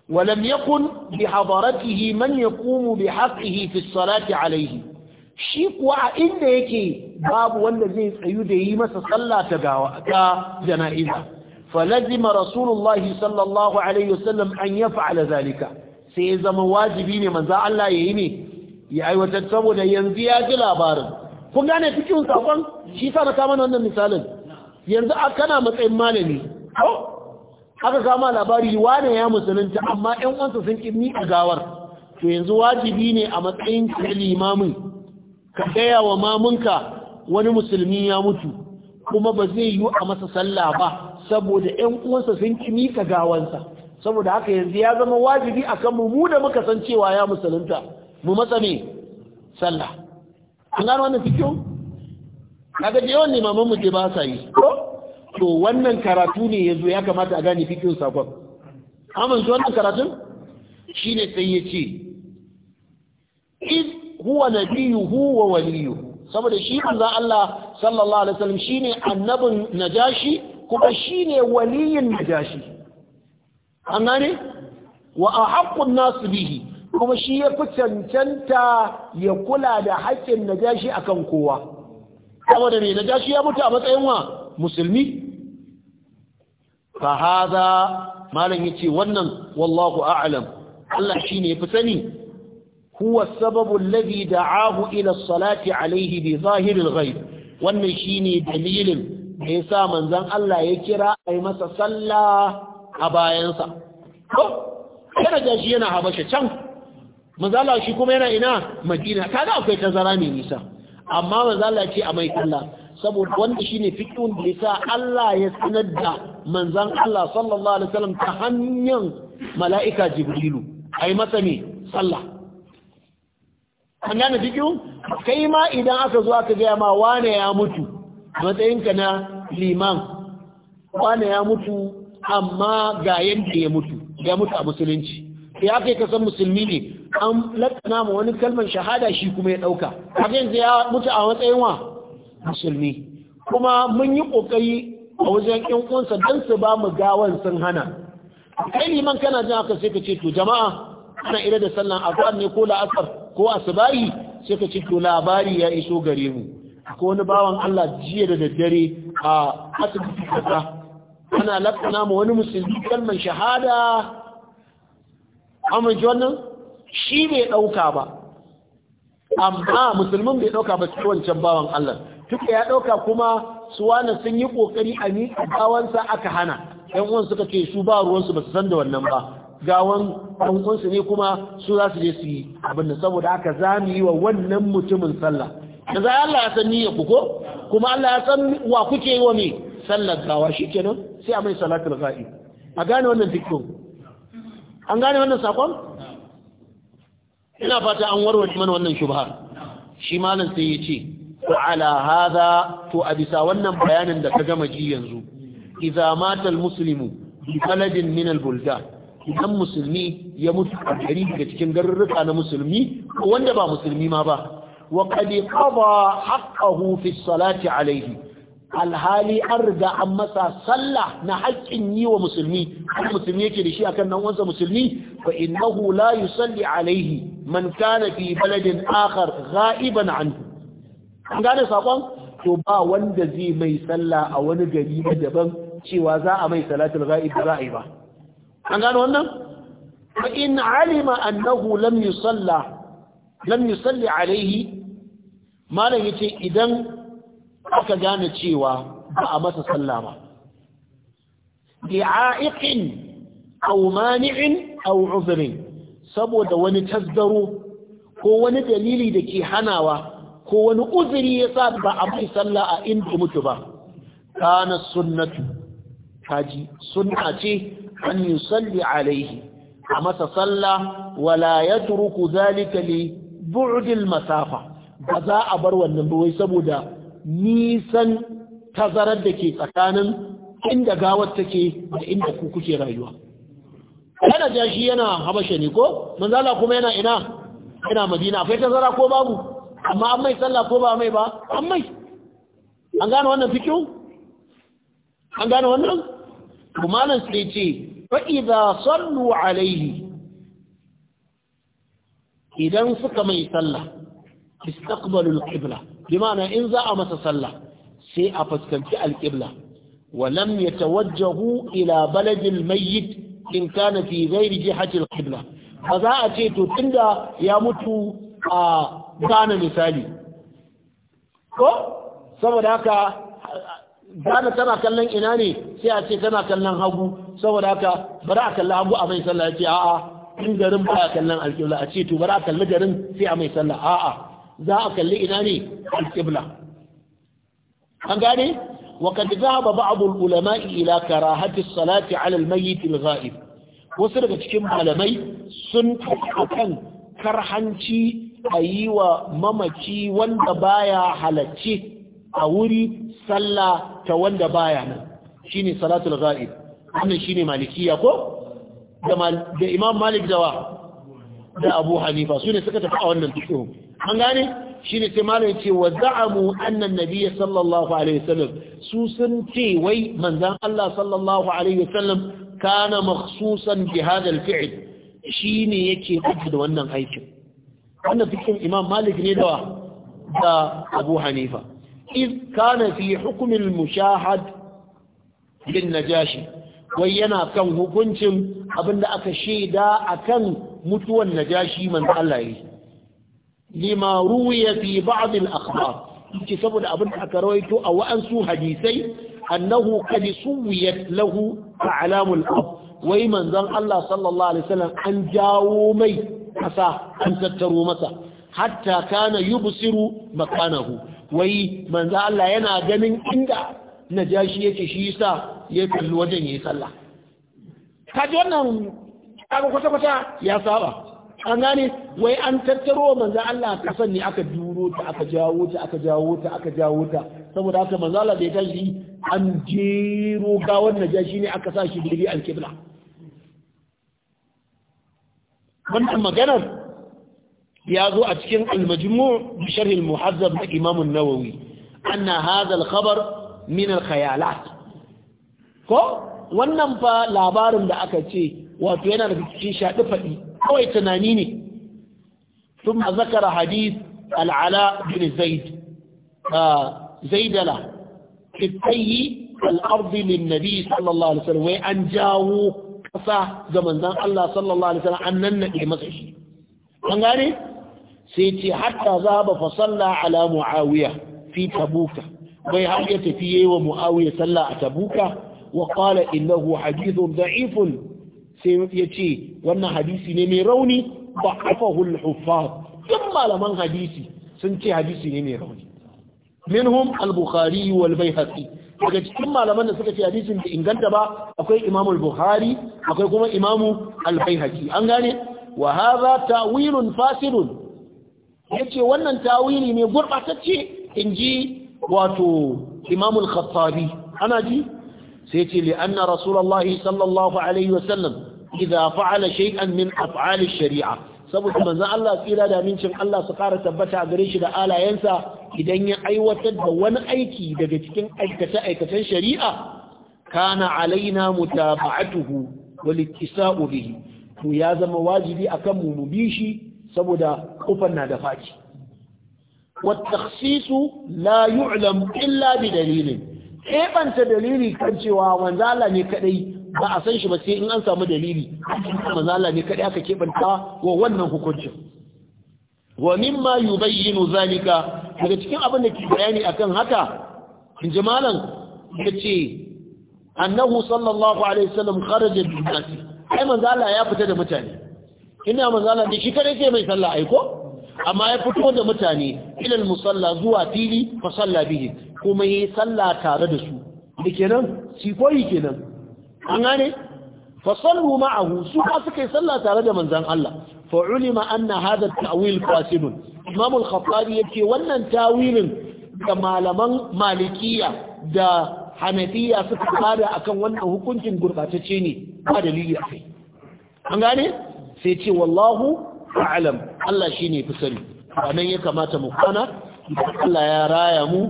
ولم يكن بحضرته من يقوم بحقه في الصلاة عليه shi kuwa a inda yake babu wanda zai tsayu da yi masa sallah ta gawa ta jana'iza falazima rasulullahi sallallahu alaihi wasallam an ya fa'ala zalika sai ya zama wajibi ne manzo Allah yayi ne ya aiwatar saboda yanzu ya ji labarin kun gane cikin sakon shi sa na wannan misalin yanzu a kana matsayin malami aka kama labari wane ya musulunta amma 'yan uwansa sun ƙirni a gawar to yanzu wajibi ne a matsayin ka mamun ka gaya wa mamunka wani musulmi ya mutu kuma ba zai yi a masa sallah ba saboda 'yan uwansa sun ƙirni ka gawansa saboda haka yanzu ya zama wajibi akan mu mu da muka san cewa ya musulunta mu matsa ne sallah an gano wannan cikin kaga je yawan limaman mu ke ba sa yi to wannan karatu ne yazo ya kamata a gane fikin sakon amin shi wannan karatun shine sai ya ce iz huwa nabiyuhu wa waliyu? saboda shi manzon Allah sallallahu alaihi wasallam ne annabin najashi kuma shine waliyin najashi an gane wa ahaqqun nasu bihi kuma shi ya fi cancanta ya kula da haƙƙin najashi akan kowa saboda mai najashi ya mutu a matsayin wa musulmi fahaza Malam malam yace wannan wallahu a'lam Allah shine yafi sani huwa sababu alladhi da'ahu ila as-salati alayhi bi zahir al-ghaib wannan shine dalilin da yasa manzon Allah ya kira ai masa sallah a bayansa ko kada gashi yana habasha can manzala shi kuma yana ina madina kaga akwai tazara mai nisa amma manzala ce a mai kalla saboda wanda shine fiqhun da ya sa Allah ya sanar da manzon Allah sallallahu alaihi wasallam ta hanyar mala'ika Jibrilu ai masa ne sallah da gane kai ma idan aka zo aka ga ma wane ya mutu matsayinka na liman wane ya mutu amma ga yanda ya mutu ya mutu a musulunci ya kai ka san musulmi ne an latsana ma wani kalmar shahada shi kuma ya ɗauka. haka yanzu ya mutu a matsayin wa musulmi kuma mun yi kokari a wajen yan uwansa dan su ba mu gawan sun hana kai liman kana jin haka sai ka ce to jama'a ana ira da sallan azhar ne ko la'asar ko asbahi sai ka ce to labari ya iso gare mu akwai wani bawan Allah jiya da daddare a asibiti kaza ana lakana mu wani musulmi kalmar shahada amma wannan shi bai ɗauka ba amma musulmin bai ɗauka ba cikin wancan bawan Allah duka ya ɗauka kuma su wani sun yi ƙoƙari a ni gawansa aka hana ‘yan uwan suka ce su ba ruwansu ba su san da wannan ba gawan ɗan'uwansu ne kuma su za su je su yi abin da saboda aka za mu yi wa wannan mutumin sallah da za Allah ya san niyyar ku ko kuma Allah ya san wa kuke yi wa me sallar gawa shi kenan sai a mai salatul ga'i a gane wannan tiktok an gane wannan sakon ina fata an warware mana wannan shubha shi malam sai ya ce Ku ala hadha to a bisa wannan bayanin da ka gama ji yanzu idza mata almuslimu bi baladin min idan musulmi ya mutu a gari daga cikin garurruka na musulmi wanda ba musulmi ma ba wa qad qada haqqahu fi salati alayhi alhali an riga an masa sallah na haƙƙin yi wa musulmi kuma musulmi yake da shi akan nan wansa musulmi fa innahu la yusalli alayhi man kana fi baladin akhar ghaiban anhu an gane sakon to ba wanda zai mai sallah a wani gari na daban cewa za a mai salatul ghaib za a yi ba an gane wannan ba in alima annahu lam yusalla lam yusalli alaihi malam idan aka gane cewa ba a masa sallah ba li'a'iqin aw mani'in aw saboda wani tasdaro ko wani dalili da ke hanawa ko wani uzuri ya sa ba a mai sallah a inda mutu ba kana sunnatu kaji sunna ce an yi salli alaihi a masa sallah wala ya turuku zalika li masafa ba za a bar wannan ba saboda nisan tazarar da ke tsakanin inda gawar take da inda ku kuke rayuwa kana jashi yana habashe ne ko manzala kuma yana ina ina madina akwai tazara ko babu amma an mai sallah ko ba mai ba an mai an gane wannan fikiyu an gane wannan kumanan sai ce fa'iza sallu alaihi idan suka mai sallah istaqbalul qibla in za a masa sallah sai a fuskanci al'ibla wa lam yatawajjahu ila baladin mayyid in kana fi ghairi jihati alqibla ba za a ce to tunda ya mutu a gane misali ko saboda haka gane tana kallon ina ne sai a ce tana kallon hagu saboda haka bari a kalli hagu a mai sallah ce a'a in garin ba a kallon alƙibla a ce to bari a kalli garin sai a mai sallah a'a za a kalli ina ne alƙibla an gane وقد ذهب بعض العلماء إلى كراهة الصلاة على الميت الغائب wasu daga cikin malamai sun akan karhanci a yi wa mamaci wanda baya halacci a wuri sallah ta wanda baya nan shine salatul ghaib wannan shine malikiya ko da imam malik dawa da abu hanifa su ne suka tafi a wannan fiqh an gane shine sai malam ce wa za'amu anna an sallallahu alaihi wasallam su sun ce wai manzon Allah sallallahu alaihi wasallam kana makhsusan bi hada al-fi'l shine yake da wannan aikin wannan fikin imam malik ne da abu hanifa iz kana fi hukumin mushahad bin najashi wai yana kan hukuncin abinda aka shaida akan mutuwan najashi man Allah yi lima ruwiya fi ba'd al-akhbar ki saboda abinda aka rawaito a wa'ansu hadisai annahu qad suwiyat lahu a'lamul ab wai manzon Allah sallallahu alaihi wasallam an jawo mai kasa an tattaro masa hatta kana yubsiru makanahu wai manzo Allah yana ganin inda najashi yake shi yasa ya kalli wajen yayi sallah kaji wannan kaga kwata kwata ya saba an gane wai an tattaro manzo Allah kasan ne aka duro ta aka jawo ta aka jawo ta aka jawo ta saboda haka manzo Allah bai tashi an jero wannan najashi ne aka sa shi daidai al-qibla wannan maganar ya zo a cikin al-majmu' bi muhazzab na Imam nawawi anna hadha al min khayalat ko wannan fa labarin da aka ce wato yana da cikin shaɗi faɗi kawai tunani ne ثم ذكر حديث العلاء بن زيد زيدلة في الطي الأرض للنبي sallallahu alaihi عليه وسلم an jawo. sa ga manzan Allah sallallahu alaihi wasallam an nan masa shi an gane sai ce hatta zaba fa salla ala muawiya fi tabuka bai har ya tafi yayi wa muawiya salla a tabuka wa qala innahu hadithun da'ifun sai ya ce wannan hadisi ne mai rauni ba afahu al-huffaz malaman hadisi sun ce hadisi ne mai rauni minhum al-bukhari wal bayhaqi daga cikin malaman da suka ce hadisin da inganta ba akwai imamu buhari akwai kuma imamu al-baihaqi an gane wa hadha ta'wilun fasidun yace wannan tawili ne gurbatacce inji wato imamu al-khattabi ana ji sai yace li anna rasulullahi sallallahu alaihi wasallam idza fa'ala shay'an min af'ali shari'a saboda manzon Allah tsira da amincin Allah su fara tabbata gare shi da alayensa idan ya aiwatar da wani aiki daga cikin aikace-aikacen shari'a kana alaina mutaba'atuhu wal ittisa'u bihi to ya zama wajibi akan mu mu bi shi saboda kufan na da faci wat takhsisu la yu'lam illa bi dalilin kebanta dalili kan cewa manzala ne kadai ba a san shi ba sai in an samu dalili manzala ne kadai aka kebanta wa wannan hukuncin wa mimma yubayyinu zalika daga cikin abin da ke bayani akan haka in ji malam ya ce annahu sallallahu alaihi wasallam kharaja bi nasi ai manzo Allah ya fita da mutane ina manzo Allah da shi kare sai mai sallah ai ko amma ya fito da mutane ila musalla zuwa fili fa salla bihi kuma yi sallah tare da su kenan shi koyi kenan an gane fa sallu ma'ahu su ka suka yi sallah tare da manzon Allah fa ulima anna hadha at-ta'wil fasidun imam al-khattabi yace wannan tawilin da malaman malikiya da hanafiya suka bada akan wannan hukuncin gurbatacce ne ba dalili akai an gane sai ce wallahu a'lam Allah shine fi sani wannan ya kamata mu kana Allah ya raya mu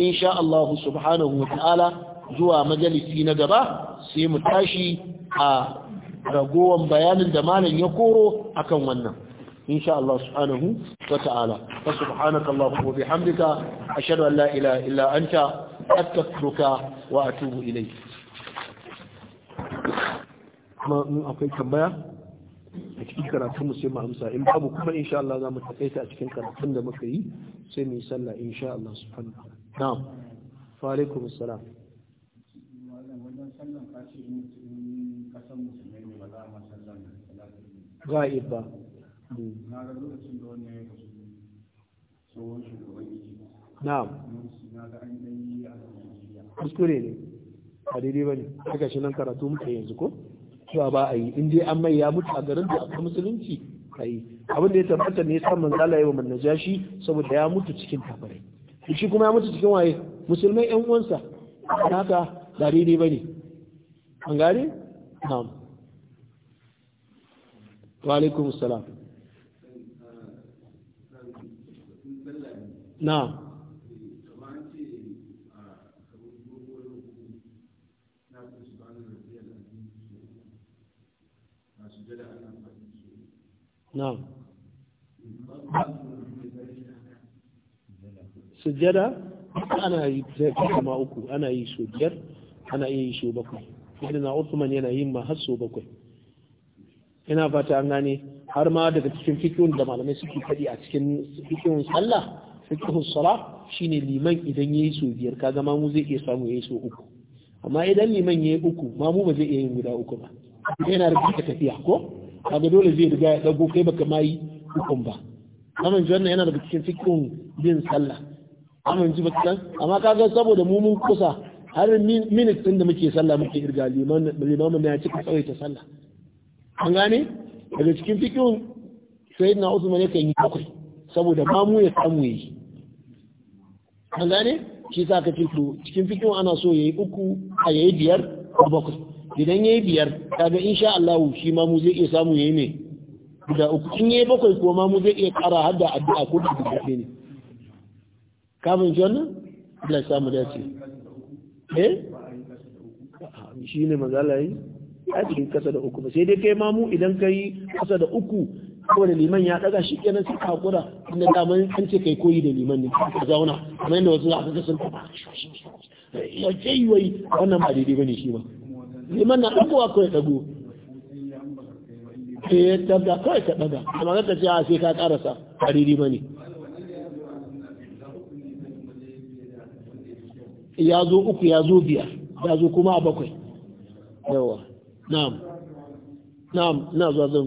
insha Allah subhanahu wa zuwa majalisi na gaba sai mu tashi a ragowan bayanin da malam ya koro akan wannan insha Allah subhanahu wa ta'ala fa subhanaka allahumma wa bihamdika ashhadu an la ilaha illa anta astaghfiruka kuma in akwai tambaya a cikin karatun mu sai mu amsa in babu kuma insha Allah za mu takaita a cikin karatun da muka yi sai mu yi sallah Allah subhanahu wa ta'ala na'am wa alaikum assalam ga'ib ba na ga lokacin da wannan ya kasu tsohon shugaban egypt na'am na ga an yi a kuskure ne a daidai ba ne haka shi nan karatu muka yanzu ko cewa ba a yi in dai an mai ya mutu a garin da akwai musulunci a yi abin da ya tabbata ne sa manzala yawa man najashi saboda ya mutu cikin kafirai shi kuma ya mutu cikin waye musulmai yan uwansa don haka ba daidai ba ne an gane na'am wa alaikum salam na na sujjada ana yi kama uku ana yi so biyar ana iya yi so bakwai na Uthman yana yin ma har so bakwai ina fata an gane har ma daga cikin fikihun da malamai suke faɗi a cikin fikihun sallah fiqhu salah shine liman idan yayi so biyar kaga ma mu zai iya samu yayi so uku amma idan liman yayi uku ma mu ba zai iya yin guda uku ba yana rubuta tafiya ko kaga dole zai riga ya dago kai baka ma yi ukun ba amin ji wannan yana daga cikin fiqhun bin sallah amin ji baka amma kaga saboda mu mun kusa har minit din da muke sallah muke irga liman limamin ya cika tsawaita sallah an gane daga cikin fiqhun sayyidina Usman yakan yi bakwai saboda mamu ya samu yi an gane shi sa ka fito cikin fito ana so ya yi uku a ya yi biyar a bakwai idan ya yi biyar kaga insha Allah shi ma mu zai iya samu ya yi ne guda uku in ya yi bakwai ko ma mu zai iya kara har da addu'a ko da guda ne ka fahimci wannan Allah ya samu dace eh shi ne magana yi a cikin kasa da uku ba sai dai kai ma mu idan kai kasa da uku saboda liman ya daga shi kenan sai hakura inda daman an ce kai koyi da liman ne ka zauna kamar inda wasu zaka ga sun tafa ah, ya ce wai wannan ba daidai bane shi ba liman na dagowa kawai dago eh ya daga kawai ka daga amma ka ce a ah, sai ka karasa ba daidai bane ya zo uku ya zo biyar ya zo kuma a bakwai yawa na'am na'am na zo zan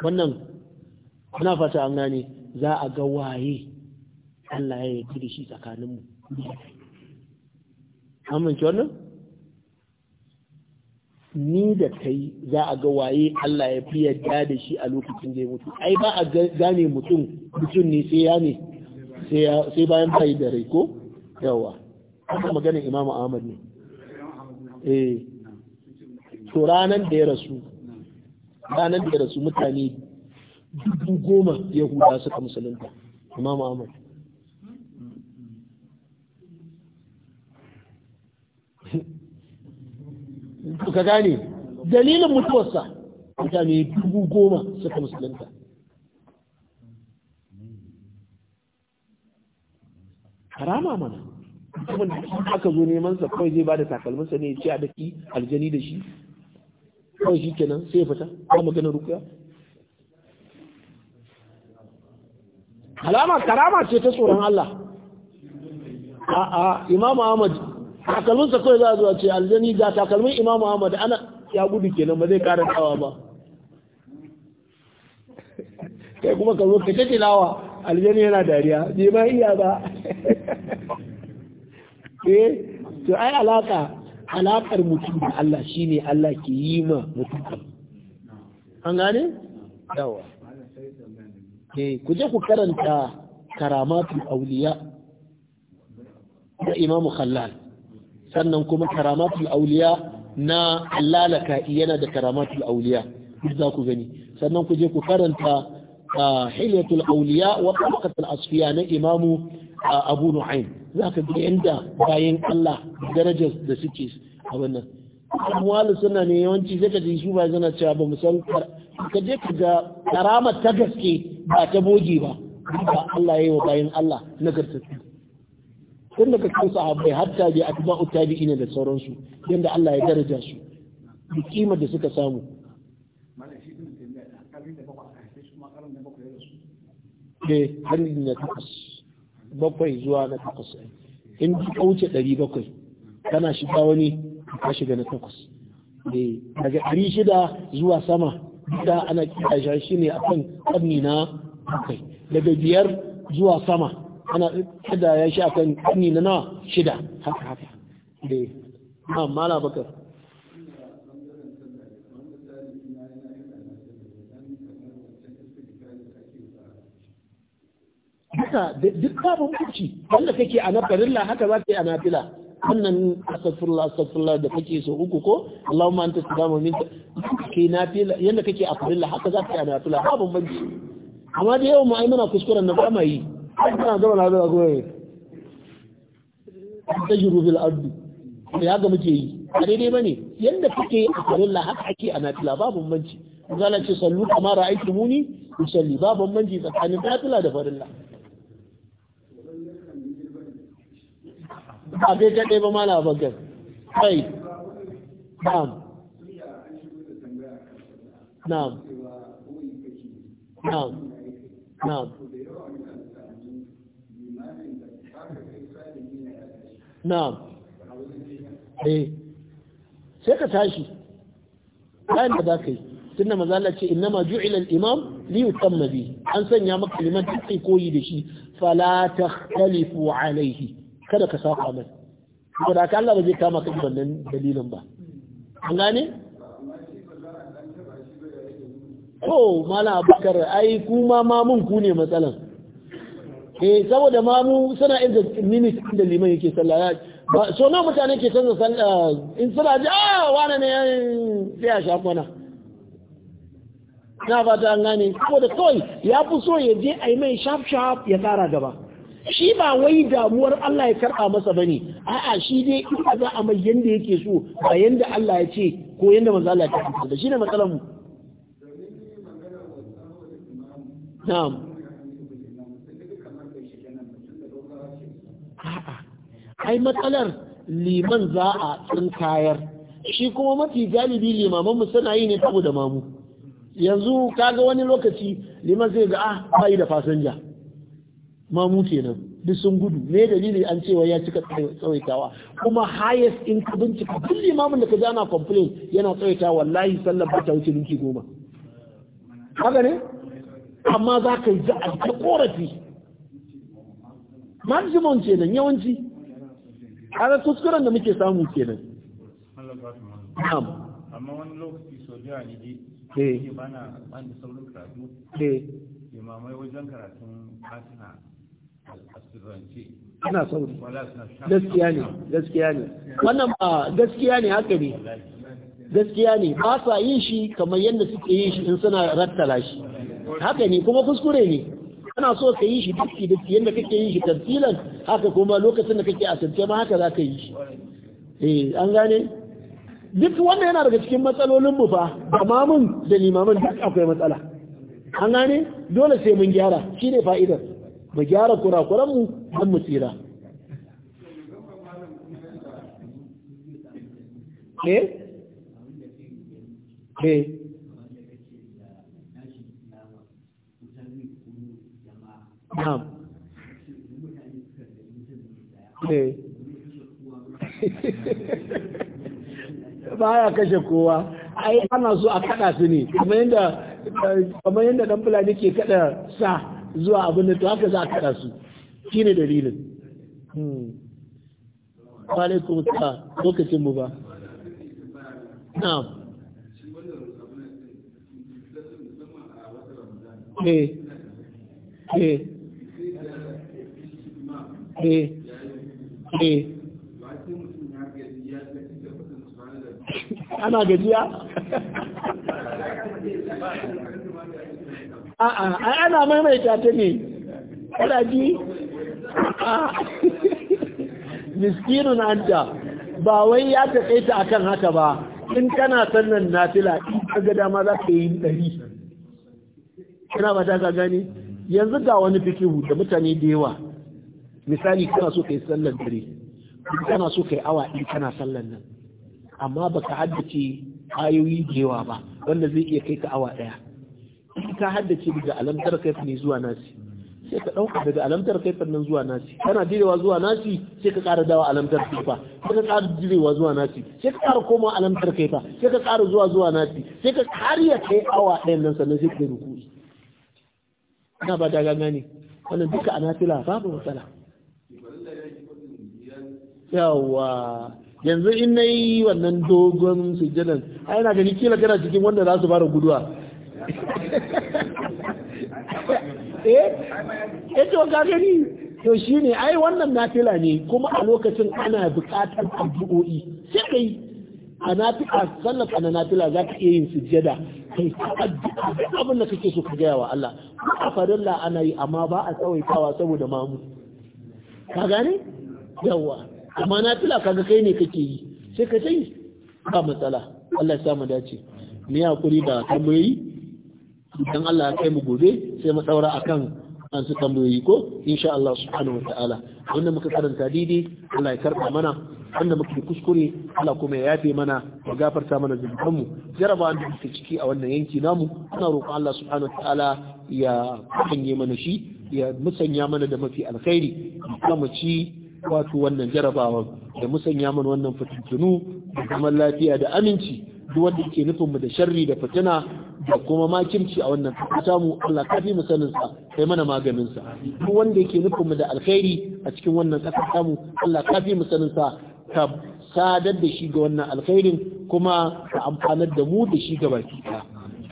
wannan muna fata an gane za a ga waye Allah ya yi da shi tsakaninmu amince wannan ni da kai za a ga waye Allah ya fi yadda da shi a lokacin da ya mutu ai ba a gane mutum mutum ne sai ya ne sai bayan fayi da rai ko yawa haka maganin imamu ahmad ne eh to ranar da ya rasu ranar da rasu mutane dubu goma yahuda suka musulunta imam ahmad ka gane dalilin mutuwarsa mutane dubu goma suka musulunta harama mana kuma aka zo neman sa kawai zai ba da takalmansa ne ya ce a daki aljani da shi kawai shi kenan sai ya fita ba magana rukuya alama karama ce ta tsoron Allah a'a imam Ahmad takalminsa kawai za a zuwa ce aljani ga takalmin imam Ahmad ana ya gudu kenan ba zai kara dawa ba kai kuma ka zo ka ta tilawa aljani yana dariya bai ma iya ba eh to ai alaka alaƙar mutum da Allah shi ne Allah ke yi ma mutum an gane? yawa ne eh, ku je ku karanta karamatul auliya da imamu khallal sannan kuma karamatul auliya na lalaka yana da karamatul auliya za ku gani sannan ku je ku karanta ah, hilyatul auliya wa tabaqatul asfiya na imamu ah, abu nu'aym za ka ga yanda bayan Allah darajar da suke a wannan amwalu suna ne yawanci zai ka ji su ba zana cewa ba san ka je ka ga karama ta gaske ba ta boge ba ba Allah ya yi wa bayan Allah na nagartattu tun daga kan sahabbai hatta bi atba'u tabi'ina da sauransu yanda Allah ya daraja su da kimar da suka samu eh har ne takwas bakwai zuwa na takwas in ka kauce ɗari bakwai kana shiga wani ka shiga na takwas eh, daga ɗari shida zuwa sama da ana kira shi ne akan ƙarni na bakwai daga biyar zuwa sama ana kada ya shi akan ƙarni na shida haka haka da na bakwai haka duk babu hukunci wanda kake a nafarilla haka za ka yi a nafila wannan astaghfirullah astaghfirullah da kake so uku ko Allahumma anta salamu minka ke nafila yanda kake a farilla haka za ka yi a nafila babu banci amma da yawan mu'ai muna kuskuren na ba yi ana zama na zama goye ta jiru bil ardu ya ga muke yi a daidai bane yadda kake a farilla haka ake a nafila babu banci ce sallu kamar ra'aytumuni usalli babu banci tsakanin nafila da farilla ba ta ɗaya ba mala bakar kai na'am na'am na'am na'am na'am eh sai ka tashi bayan da za ka yi tunda maza Allah ce ma ju'ila al-imam li yutamma bi an sanya maka liman take da shi fala takhtalifu alayhi kada ka saka mai saboda haka Allah ba zai kama kan wannan dalilin ba an gane ko mala abakar ai kuma mamun ku ne matsalan eh saboda mamu suna inda minute da liman yake sallah ba so na mutane ke canza sallah in suna ji ah wani ne sai a shafa na na fata an gane saboda kawai ya fi so ya je a yi mai shaf shaf ya kara gaba shi ba wai damuwar Allah ya karɓa masa ba ne. a'a shi dai in za a mai yanda yake so a yanda Allah ya ce ko yadda manzo Allah ya karɓa da ne matsalar mu na'am a'a ai matsalar liman za a tsinkayar shi kuma mafi galibi limaman mu suna yi ne saboda mamu yanzu kaga wani lokaci liman zai ga ah bai da fasinja mamu kenan duk sun gudu me dalili an cewa ya cika tsawaitawa kuma highest in ka bincika duk limamin da ka ji ana complain yana tsawaita wallahi sallar ba ta wuce minti goma haka ne amma za ka yi a ta korafi maximum kenan yawanci har kuskuren da muke samu kenan amma wani lokaci sojiya ne dai ke eh. bana ban saurin karatu eh. limamai wajen karatun fatina ana sauri gaskiya ne gaskiya ne wannan ba gaskiya ne haka ne gaskiya ne ba sa yin shi kamar yadda suke yin shi in suna rattala shi haka ne kuma kuskure ne ana so ka yi shi duki duki yadda kake yin shi tartilan haka kuma lokacin da kake asirce ma haka za ka yi shi eh an gane duk wannan yana daga cikin matsalolin mu fa imamin da limamin duk akwai matsala an gane dole sai mun gyara shine fa'idar mu gyara kurakuranmu don mu tsira eh eh na'am eh. baya kashe kowa ai ana so a kada su ne kamar yadda ɗan fulani ke kaɗa sa zuwa abin da to haka za ka su shi ne dalilin ko hmm. ta lokacin mu ba Na. eh eh eh eh ana gajiya a'a ana maimaita ta ne kana miskinun anta ba wai ya a akan haka ba in kana sannan fila, in ga dama za ka yi ɗari kana ba ta ka gani? yanzu ga wani fikihu da mutane da yawa misali kana so ka yi sallan dare kana so ka yi awa in kana sallan nan amma ba baka haddace ayoyi da yawa ba wanda zai iya kai ka awa ɗaya ka haddace daga alamtar kaifin ne zuwa nasi sai ka ɗauka daga alamtar kaifin nan zuwa nasi kana direwa zuwa nasi sai ka ƙara dawa alamtar kaifa sai ka ƙara direwa zuwa nasi sai ka ƙara koma alamtar kaifa sai ka ƙara zuwa zuwa nasi sai ka ƙariya kai awa ɗayan nan sannan sai ka ruku ina ba ta gane wannan duka a nafila babu matsala yawa yanzu in na yi wannan dogon sujjadan a yana gani kila kana cikin wanda za su fara guduwa eh eh to ga gani to shine ai wannan nafila ne kuma a lokacin ana buƙatar addu'o'i sai kai a nafila sallar kana na nafila za ka iya yin sujjada kai addu'a abin da kake so ka gaya wa Allah a farilla ana yi amma ba a tsawaitawa saboda mamu ka gane yawa amma nafila kaga kai ne kake yi sai ka yi ba matsala Allah ya sa mu dace mu hakuri da tambayoyi idan Allah ya kai mu gobe sai mu daura akan an su tambayoyi ko insha Allah subhanahu wataala wanda muka karanta daidai Allah ya karba mana wanda muka kuskure Allah kuma ya yafe mana ya gafarta mana zunuban mu jaraba da muke ciki a wannan yanki namu ana roƙon Allah subhanahu wataala ya kanye mana shi ya musanya mana da mafi alkhairi kuma ci wato wannan jarabawa da musanya mana wannan fitintunu da zaman lafiya da aminci duk wanda yake nufin mu da sharri da fitina da kuma makirci a wannan kasa mu Allah kafi mu sanin sa kai mana maganin sa duk wanda yake nufin mu da alkhairi a cikin wannan kasa mu Allah kafi mu sanin sa ka sadar da shi ga wannan alkhairin kuma ka amfanar da mu da shi gaba ki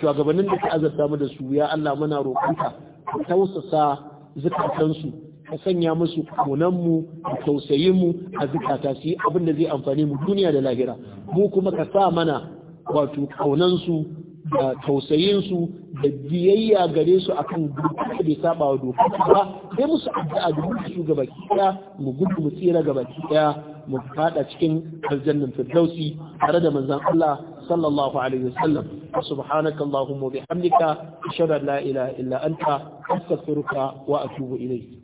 shugabannin da ka azarta mu da su ya Allah muna roƙonka ka tausasa su ka sanya musu kunanmu da tausayinmu a zukata su yi abin da zai amfani mu duniya da lahira mu kuma ka sa mana wato kaunansu da tausayinsu da biyayya gare su akan dokar da bai saba wa dokar ba sai musu addu'a da mutu su gaba kiya mu gudu mu tsira gaba kiya mu fada cikin aljannan firdausi tare da manzon Allah sallallahu alaihi wasallam subhanaka allahumma bihamdika ashhadu an la ilaha illa anta astaghfiruka wa atubu ilayk